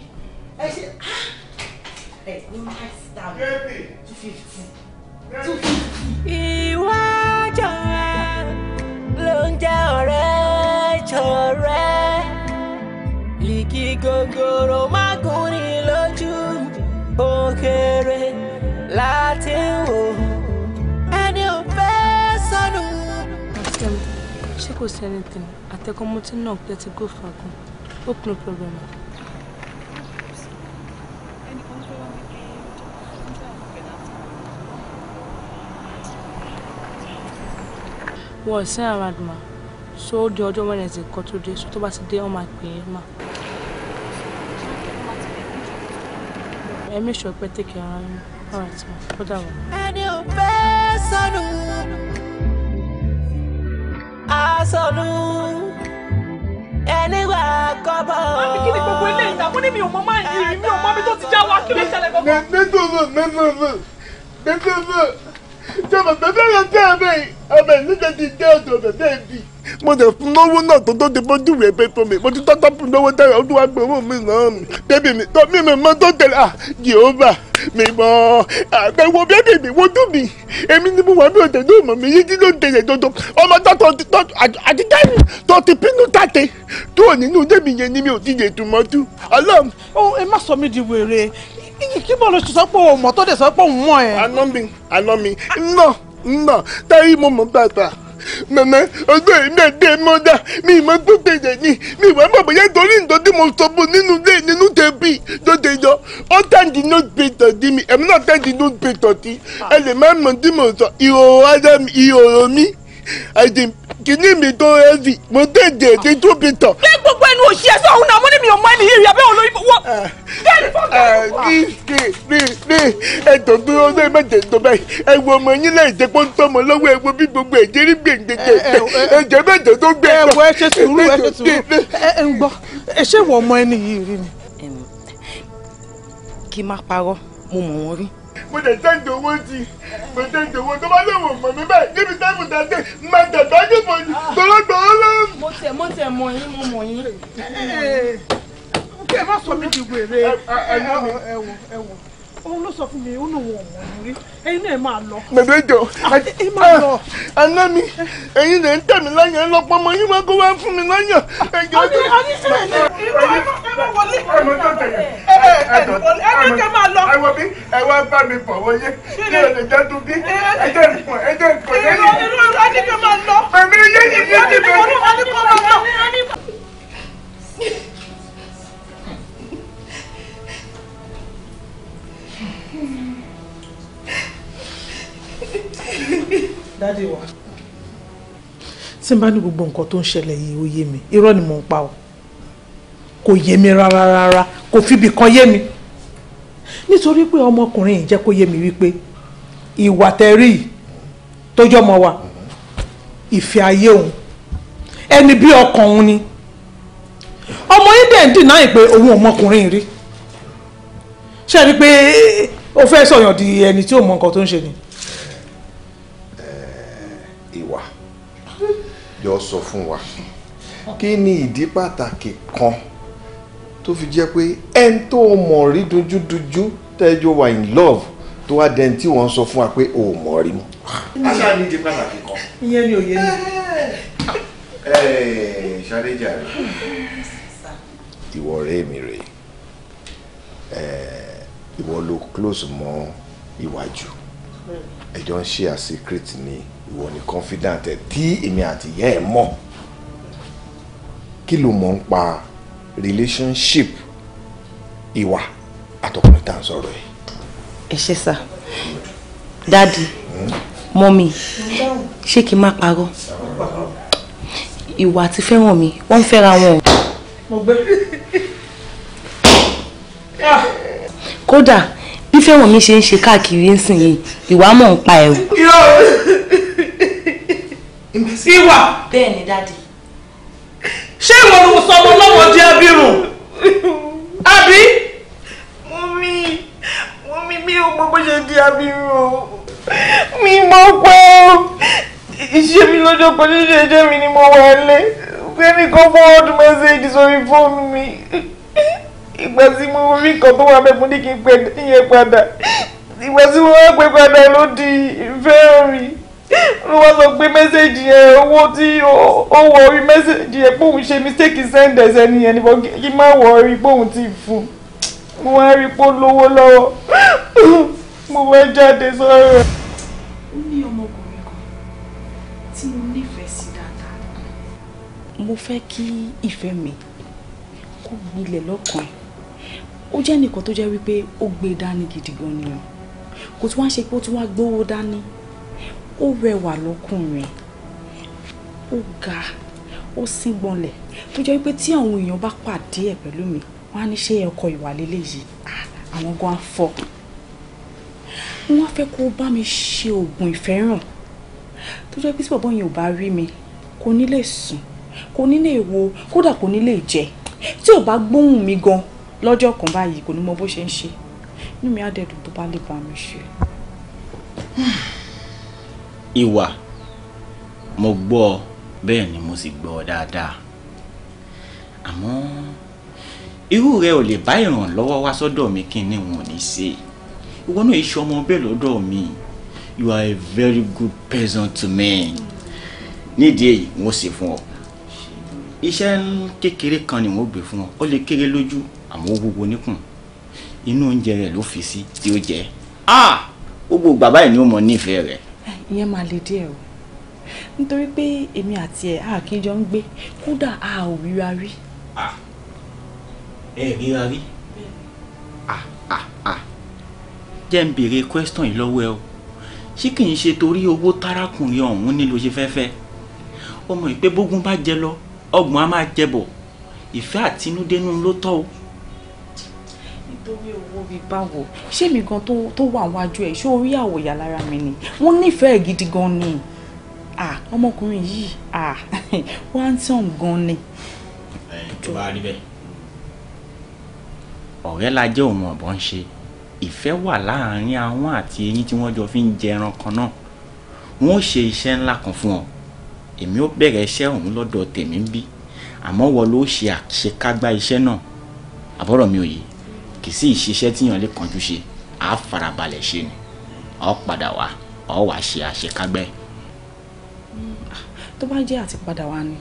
ẹ ṣe ah! ẹ ló ń ká sí ta two fifty two fifty. ìwà jọ̀wọ́ ló ń jẹ́ ọ̀rẹ́ jọ̀rẹ́. Ìkì gogoro má gún ni lójú ó kéré láti wò ẹni ò fẹ́ sọnù. ṣé kò sí anything àtẹkọmọtí náà pé ti go fagun hope no problem. wọ́n sí àwọn àdùmá so ó di ọjọ́ wednesday kan tó dé so tó bá ti dé wọ́n máa pè é mà. ẹ make sure pé take care ara yín alright ma ó dà wá. ẹni ò fẹ́ sọnù àsọnù ẹni wà kọ́bọ̀. àmì kí ni gbogbo eléyìí tàbí ní mi ò mọ máa ń mi ò mọ mi tó ti já wa kí ló ṣẹlẹ̀ gbogbo. mẹ́tò mẹ́tò mẹ́tò mẹ́tò mẹ́tò ṣé bàbá bẹ́ẹ̀ tẹ́ ẹ bẹ́ẹ̀ ọmọ ìlúdẹ ti dé ọ̀dọ̀ bàbá ẹ bí. mo tẹ fún lówó náà tó tó ti bójú rẹ pé fún mi mo ti tọ́tọ́ fún lówó tẹ́lẹ̀ ó tún wá gbowó mi náà mi bébì mi tó mi mi mọ tó tẹ̀lé ah, à jehova mi mọ àbẹ̀wò ah, bébì mi wojú mi èmi ni mo wà mí ò tẹ̀lé ọmọ mi yíjí ló tẹ̀lé dodo ọmọ tọ́tọ̀ àti tẹ́lẹ̀ tó ti pinnu tàtẹ́ tó nínú débi yẹn ni mi ò ti lè tùmọ̀ tú ọlọ́run. ó oh, ẹ má sọ mí di wèrè kí bọ́ọ̀lù sọ pé òun mọ̀ tó dẹ̀ sọ pé òun mọ̀ ẹ̀. àná mi àná mi nà nà táyì mo mọ̀ bàtà mama ọgbẹ́ mi ẹ̀dẹ́ mọ́dà mi ìmọ̀ tó tẹ̀lé ní mi ìwà bọ̀ bóyá torí nǹkan tí mo sọ fún nínú ilé nínú tẹ̀bí tó tẹ̀ yọ ó tẹ̀dí nọ́ọ̀tì tí mi ẹ̀mí náà tẹ̀dí nọ́ọ̀tì tí ẹ lè má mọ̀ tí mo sọ ìhòòhò ara mi ìhòòhò mi àti kìíní mi tó ẹ́sì mo tẹ̀jẹ̀ ti tún fi tàn. lé gbogbo ẹnu òsì ẹsẹ òun náà mo ní mi ò mọ ẹni yìí rí abẹ́ òun lórí wọ́n. kí kí rí rí ẹ̀tọ́ tó ó lé méje tó báyìí ẹ wo ọmọ yín lẹ́yìn tẹ́ pọ́n tọ́mọ lọ́wọ́ ẹ wo bí gbogbo ẹ̀jẹ̀ rí gbèǹdéke eh, eh, eh, ẹ̀jẹ̀ méje tó gbé ẹ̀ lọ. ẹ wo ẹ ṣe sùúrù ẹ ṣe sùúrù ẹ ń gbọ́ ẹ ṣe wọ ọmọ ẹni yìí rí ni. kí má parọ́ mo dẹ̀ tẹ́ǹtì owó ti mo tẹ́ǹtì owó tó bá lè wò mọ̀ mi báyìí níbi táìmù tàǹtì má tẹ̀tọ́ ní mo ní tọ́lọ́tọ́lọ́ lọ. mo tẹ̀ mo tẹ̀ mọ̀ yín mo mọ̀ yín. kí ẹ má sọ mí di wèrè ẹ wọ ẹ wọ òun ló sọ fún mi ó nù wọn ò rí ẹ̀yin náà ẹ máa lọ. bèbè ẹ máa lọ. àná mi ẹ̀yin lè ń tẹ̀ mí lẹ́yìn lọ́pọ̀ ọmọ yín máa kó wá fún mi lẹ́yìn. àní àní sẹ́yìn ni ẹ máa wọlé. ẹ máa tó tẹ̀lé ẹ ẹ wọlé ẹ ní kẹ́ máa lọ. ẹ wọ bí ẹ wá bá mi bọ̀ wọlé kí ẹ lè já tó bí ẹ jẹ́ ìpọ̀ ẹ jẹ́ ìpọ̀ lẹ́yìn. ẹ ní kẹ́ máa lọ. dáàdi wa tí n bá ní gbogbo nǹkan tó ń ṣẹlẹ̀ yìí ó yé mi irọ́ ni mò ń pa o kò yé mi rárá rárá kò fibì kan yé mi nítorí pé ọmọkùnrin yìí jẹ́ kó yé mi wípé ìwà tẹ̀rí tọ́jọ́ mọ́ wa ìfẹ́ ayé òun ẹni bí ọkàn òun ni ọmọ yìí dẹ̀ ń dìnnáyìn pé òun ọmọkùnrin rí ṣe rí pé ó fẹ́ sọ̀yàn di ẹni tí ò mọ nǹkan tó ń ṣe ni. ìwà yọ sọ fún wa kí ni ìdí pàtàkì kan tó fi jẹ́ pé ẹni tó mọ̀ rí dojúdojú tẹ́jọ́ wà in love tó wá dẹni tí wọ́n sọ fún wa pé o mọ̀ rí mu. aṣá ni ìdí pàtàkì kan. ìyẹn ni òye ni. ṣàdéjà rẹ ìwọ rẹ mi rè é ìwọ ló close mọ́ iwájú ẹjọ́ ń share secret ni ìwọ ni confidant ẹ tí èmi àti ìyá ẹ mọ̀ kí ló mọ̀ ń pa relationship ìwà àtọkùnrin tá à ń sọ̀rọ̀ ẹ̀. ẹ ṣe sá dáàdi mọ́mì ṣé kí n má parọ́ ìwà àti fẹ́ràn mi wọ́n ń fẹ́ra wọn. mo gbé. Ah! kódà bí fẹ́wọ̀n mi ṣe ń ṣe káàkiri nísìnyìí ìwà mọ̀ ń pa ẹ̀rù. ìwà. bẹ́ẹ̀ ni dáàdì. ṣé ìwọ ló sọ ọmọ lọ́wọ́ di abirùn? àbí. mọ́mí mọ́mí mi ò mọ bó ṣe di abirùn o mi mọ pé iṣẹ́ mi lọ́jọ́ kan ṣíṣe jẹ́ mi ni mo wà lé pé nìkan fọwọ́dún mẹ́sẹ̀ẹ́jì sórí fóònù mi ìgbà tí mo rí kan tó wà bẹ́ẹ̀ mo ní kí n pè níyẹn padà ìgbà tí mo wá pè padà ló di fẹ́ẹ̀rì ló wá sọ pé mẹ́sẹ̀gì yẹn owó tí ó wọ orí mẹ́sẹ̀gì yẹn pé òun ṣe mistake send ẹ̀sẹ̀ nìyẹn nípa kí má wọ orí pé òun ti fún mo wá rí pé ó lówó lọ́wọ́ mo wá jáde sọ̀rọ̀. ó ní ọmọkùnrin kan tí mo nífẹ̀ẹ́ sí dáadáa. mo fẹ́ kí ìfẹ́ mi kó gbilẹ̀ lọ́kàn ẹ̀ ó jẹ́ nìkan tó jẹ́ wípé ó gbé dání gidi gan ni o kò tún wá ṣe pé ó tún wá gbówó dání ó rẹwà lọ́kùnrin ó ga ó síngbọnlẹ̀ tó jẹ́ wípé tí àwọn èèyàn bá pàdé ẹ̀ pẹ̀lú mi wọ́n á ní ṣé ẹ̀kọ́ ìwà lélẹ́yìí àwọn gan afọ wọ́n fẹ́ kó bá mi ṣe oògùn ìfẹ́ràn tó jẹ́ pé tí bàbá yẹn ò bá rí mi kò ní lè sùn kò ní lè wo kódà kò ní lè jẹ tí ò bá gbóhùn mi gan lọ́jọ́ kan báyìí kò ní mọ bó ṣe ń ṣe inú mi á dẹ̀dùn tó bá lè bá mi ṣe. ìwà mo gbọ́ ọ bẹ́ẹ̀ ni mo sì gbọ́ ọ dáadáa àmọ́ irú rẹ ò lè bá ìrànlọ́wọ́ wá sọ́dọ̀ mi kí ni wọn ò ní ṣe ìwọ náà iṣẹ́ ọmọ bẹ́ẹ̀ lọ́dọ̀ mi you are a very good person to me nídìí èyí wọ́n ṣe fún ọ iṣẹ́ kékeré kan ni wọ́n gbé fún ọ ó lè kéré lójú àmọ́ ó wúwo níkùn inú oúnjẹ rẹ̀ ló fi sí tí ó jẹ́ gbogbo bàbá ẹ̀ ni ó mọ nífẹ̀ẹ́ rẹ̀. ìyẹn máa le díẹ̀ o nítorí pé èmi àti ẹ̀ a kì í jọ ń gbé kódà a ò ríra rí. ẹ ríra rí jẹ́ ń béèrè question yìí lọ́wọ́ ẹ o ṣé kì í ṣe torí owó tárákùnrin ọ̀hún ni ló ṣe fẹ́ fẹ́ ọmọ ìpé bógún bá jẹ lọ ọgbọ̀n á máa jẹ bọ̀ ìfẹ́ àtinúdénú ló tọ́ o bíi báwo ṣé mi gan tó wà wájú ẹ̀ ṣé orí àwòyà lára mi ni wọ́n nífẹ̀ẹ́ gidi gan ni ọmọkùnrin yìí wáńtàn gan ni. tó bá rí bẹ́ẹ̀ ọ̀rẹ́ la jẹ́ òun ọ̀bọ̀n ṣe ìfẹ́ wà láàárín àwọn àti eyín tí wọ́n jọ fi ń jẹ ẹran kan náà wọ́n ṣe iṣẹ́ ńlá kan fún ọ èmi ó bẹ̀rẹ̀ iṣẹ́ ọ̀hún lọ́dọ̀ tèmi ń bí àmọ́ wọ́n ló ṣe àṣekágbá iṣẹ́ náà àbọ̀rọ̀ mi ò yìí kì í sì ṣiṣẹ́ tíyàn lè kánjú ṣe á farabalẹ̀ ṣe ni ọ padà wá ọ wá ṣe àṣekágbẹ́. tó bá jẹ́ àti padà wá ni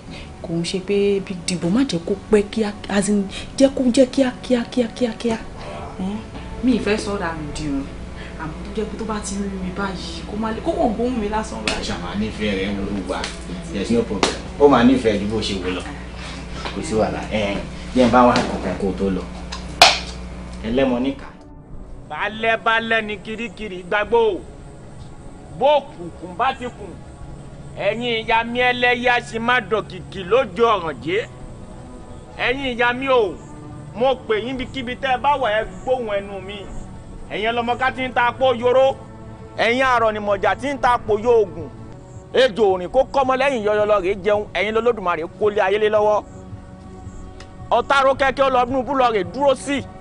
kò ń ṣe pé bí dìbò má jẹ́ kó pẹ́ kíá azin jẹ́ kó jẹ́ kíá kíá kíá kíá kíá. mi ìfẹ́ sọ̀rọ̀ àmì dìrùn àmọ́ tó jẹ́ pé tó bá ti rí mi báyìí kó má lè kókò gbóhùn mi lásán báyìí. ṣàmà nífẹ̀ẹ́ rẹ̀ ń wúlò wá there is no ó máa nífẹ̀ẹ́ ju bó ṣe wò lọ kò sí wàhálà ẹ̀ jẹ́ bá wà kọ̀ọ̀kan kó tó lọ ẹlẹ́mọ níkà. balẹ̀balẹ̀ ni kirikiri gbàgbó bó kùnkùn bá ti kùn ẹ̀yin ìyá mi ẹlẹ́yà sì má dọ̀kìkì lójú ọ̀rànjẹ́ ẹ̀yin ìyá mi o mo pè yín bíkíbi tẹ́ ẹ bá wà ẹ gbóhùn ẹnu mi ẹ̀yin ọlọ́mọká ti ń ta apó yoró ẹ̀yin àrọ̀nìmọ̀jà ti ń ta apó yóògùn ejò òrìn kó kọ́mọ lẹ́yìn yọyọlọ rèé jẹun ẹ̀yin lọ́lọ́dùmarè kólé ayélé lọ́wọ́ ọ̀tá ro kẹ́kẹ́ búlọ̀ rè dúró sí i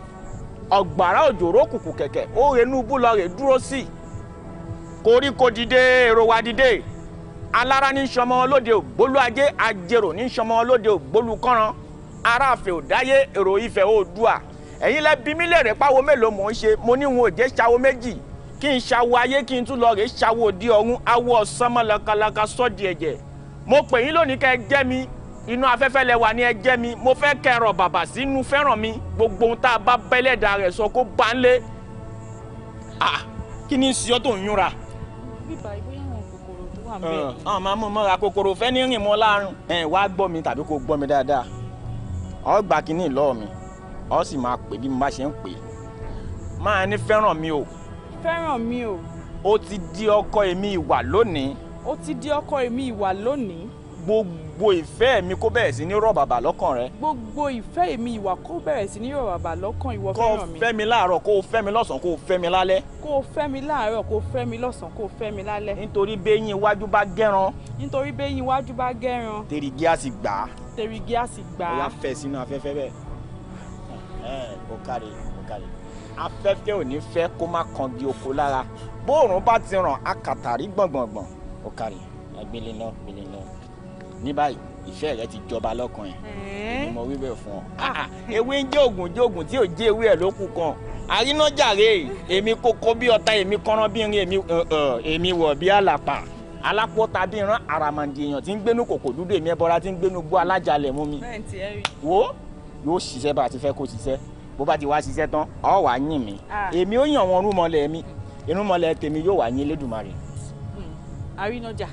ọ̀gbàrá òjòrò kùkù kẹ̀kẹ́ ó renúbú lọ rè dúró sí i koríko dìde èrò wa dìde alára ní sọmọ olóde ògbólú ajé ajérò ní sọmọ olóde ògbólú kọ́ran aráàfẹ́ òdáyé èrò ìfẹ́ oòdùà ẹ̀yin lẹ bí mílẹ̀ rẹ̀ páwo mélòó mò ń ṣe mo ní wọn ò jẹ́ ṣawo méjì kí n ṣawo ayé kí n tún lọ rè ṣawo òdi ọ̀run awọ ọ̀sánmọ́ lakalaka sọ́ọ̀dì ẹ̀jẹ̀ mo pè yín lónìí kẹ́ ẹ jẹ́ mi inú afẹ́fẹ́ lẹ wà ní ẹjẹ́ mi mo fẹ́ kẹrọ bàbà sínú fẹ́ràn mi gbogbo ohun tá a bá bẹ́lẹ̀dà rẹ̀ sọ kó bá ń lé kí ni sọ tó ń yúnra. bíbá ìbóyá àwọn kòkòrò tó wà bẹ́ẹ̀. àwọn máa mú mọ́ra kòkòrò fẹ́ ní rìn mọ́ láàrùn. ẹ wá gbọ́ mi tàbí kó gbọ́ mi dáadáa ọ gbà kínní lọ́ọ̀ mi ọ sì máa pè bí mo bá ṣe ń pè máa ní fẹ́ràn mi o. fẹ́ràn mi o. ó ti di ọkọ èmi ìwà lónìí. ó ti di ọkọ èmi ìwà lónìí. gbogbo gbogbo ìfẹ́ mi kó bẹ̀rẹ̀ sí ní rọ̀ bàbà lọ́kàn rẹ. gbogbo ìfẹ́ mi ìwà kó bẹ̀rẹ̀ sí ní rọ̀ bàbà lọ́kàn ìwọ fẹ́ràn mi. kó o fẹ́ mi láàárọ̀ kó o fẹ́ mi lọ́sàn-án kó o fẹ́ mi lálẹ́. kó o fẹ́ mi láàárọ̀ kó o fẹ́ mi lọ́sàn-án kó o fẹ́ mi lálẹ́. nítorí béyín iwájú bá gẹ́ran. nítorí béyín iwájú bá gẹ́ran. tèrìgì á sì gbà á. tèrìgì á sì gbà á. ó yá fẹ́ sínú afẹ́fẹ́ bẹ́ẹ̀. ẹ ẹ ó kárí ó kárí afẹ́fẹ́ ò ní fẹ́ kó má kangi oko lára bóòrùn bá ti ràn akàtàrí gbọ̀ngbọ̀ngbọ̀n ó kárí ẹgbẹ́lẹ́ náà gbẹ́lẹ́ náà ní báyìí ìfẹ́ rẹ ti jọba lọ́kàn ẹ̀ èmi mo wí bẹ́ẹ̀ fún ọ. Ah, ewé ń jẹ́ ògùn jẹ́ ògùn tí ò jẹ́ ewé ẹ̀ ló kù kan àrínájàre èmi kókó bí ọ̀tá èmi kọ́rán bí irin èmi wọ̀ bí àlàpà alápọ̀ta bí ìran àràmàǹdì èèyàn tí ń gbénú kòkò dúdú èmi ẹbọra tí ń gbénú gbó alájàlẹ̀ mú mi wo yóò ṣiṣẹ́ bá a ti fẹ́ kó ṣiṣẹ́ bó bá ti wá ṣiṣẹ́ tán ọ̀ wá yìn mí ah. èmi ó yàn wọn rúmọlẹ̀ mi irúmọlẹ̀ tèmi yóò wá yín Elédùmarè. Hmm. àrínájà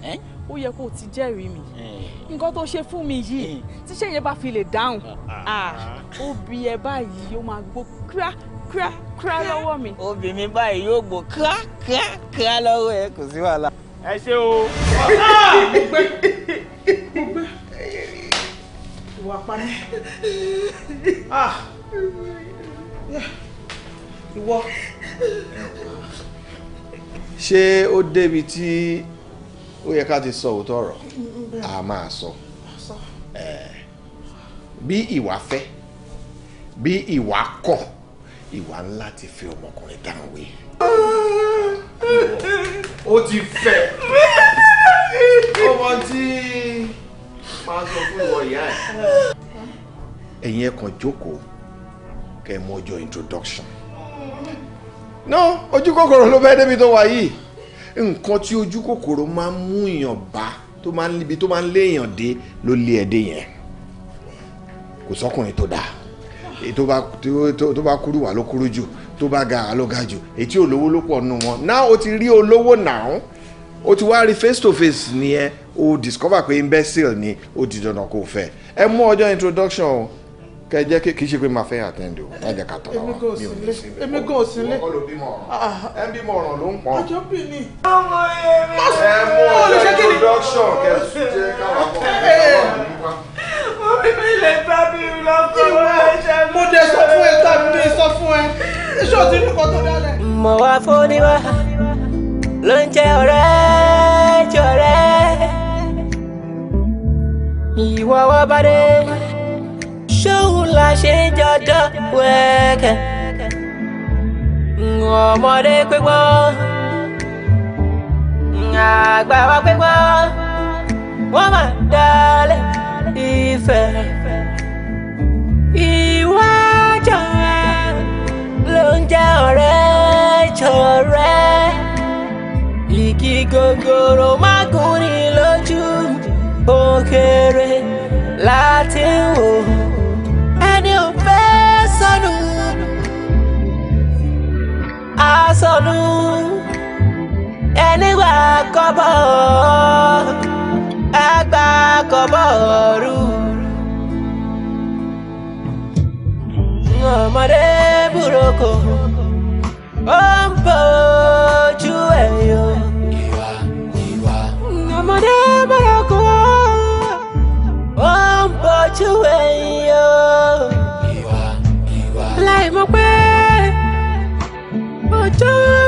ó yẹ kó o ti jẹ́rìí mi hmm. nǹkan tó ṣe fún mi yìí hmm. tíṣẹ́ yẹn bá fi lè dáhùn ah. Ah, ó bí ẹ báyìí ó máa gbó kíá kíá kíá lọ́wọ́ mi. obìnrin báyìí yóò gbó kíá kíá kíá lọ́wọ́ ẹ kò sí wàhálà. ẹ ṣe o. mo gbẹ mo gbẹ ìwà pani ah. ìwọ. ṣé ó débi tí ó yẹ ká ti sọ òótọ́ ọ̀rọ̀ mm, mm, mm, a máa sọ bí ìwà fẹ́ bí ìwà kọ̀ ìwà ńlá ti fi ọmọkùnrin dáhùn wé. ó ti fẹ́ ọmọ tí máa sọ fún ìwọ ìyá ẹ̀. ẹ̀yin ẹ̀ kàn jókòó kẹ́ ẹ mú ọjọ́ introduction. no ojú kòkòrò ló fẹ́ débi tó wà nǹkan tí ojú kòkòrò máa ń mú èèyàn bá tó máa ń níbi tó máa ń léèyàn dé ló lé ẹ yẹn kò sọkùnrin tó dáa tó bá kúrú wà ló kúrú jù tó bá ga wà ga jù ètí olówó ló pọ̀ nù wọn náà o ti rí olówó náà o ti wá rí face to face nìyẹn o discover pé imbecile ni o di dandan kò fẹ́ ẹ mú ọjọ́ introduction o kẹ jẹ́ kí kìí ṣe pé máa fẹ́ àtẹ́ndì o má jẹ́ ká tọ̀rọ̀ wa mi ò ní sílé èmi kò sílé ọkọ ló bímọ ah, ah. ọ̀ràn ẹ ló ń pọn. ọjọ́ bí ni. ọmọ èrè ẹ mú ọ̀rẹ́ production kẹsùn jẹ́ káwọn ọmọ ẹ̀ mi lè bá mi lọ́kọ́ ẹ̀ṣẹ̀ mi. mo dé sọ fún ẹ tàbí mi sọ fún ẹ iṣẹ́ òtún ní kan tó dálẹ̀. mọ̀ wá ló ń jẹ́ ọ̀rẹ́ jọ̀rẹ́ ìwọ wá bá dé. Show la ṣe jọjọ wẹ́kẹ̀. ọmọdé pépọ́ àgbà wa pépọ́ wọ́n máa dalẹ̀ ìfẹ́. ìwà jọra ló ń jẹ́ ọ̀rẹ́ jọ̀rẹ́. ìkí gogoro máa gùn ní lójú ó sọnù ẹni wà kọ́bọ̀ àgbà kọ́bọ̀ rú. ọmọdé burúkú ó ń bójú ẹ̀ yọ. ọmọdé burúkú ó ń bójú ẹ̀ yọ. láì mọ̀ pé. Georgia.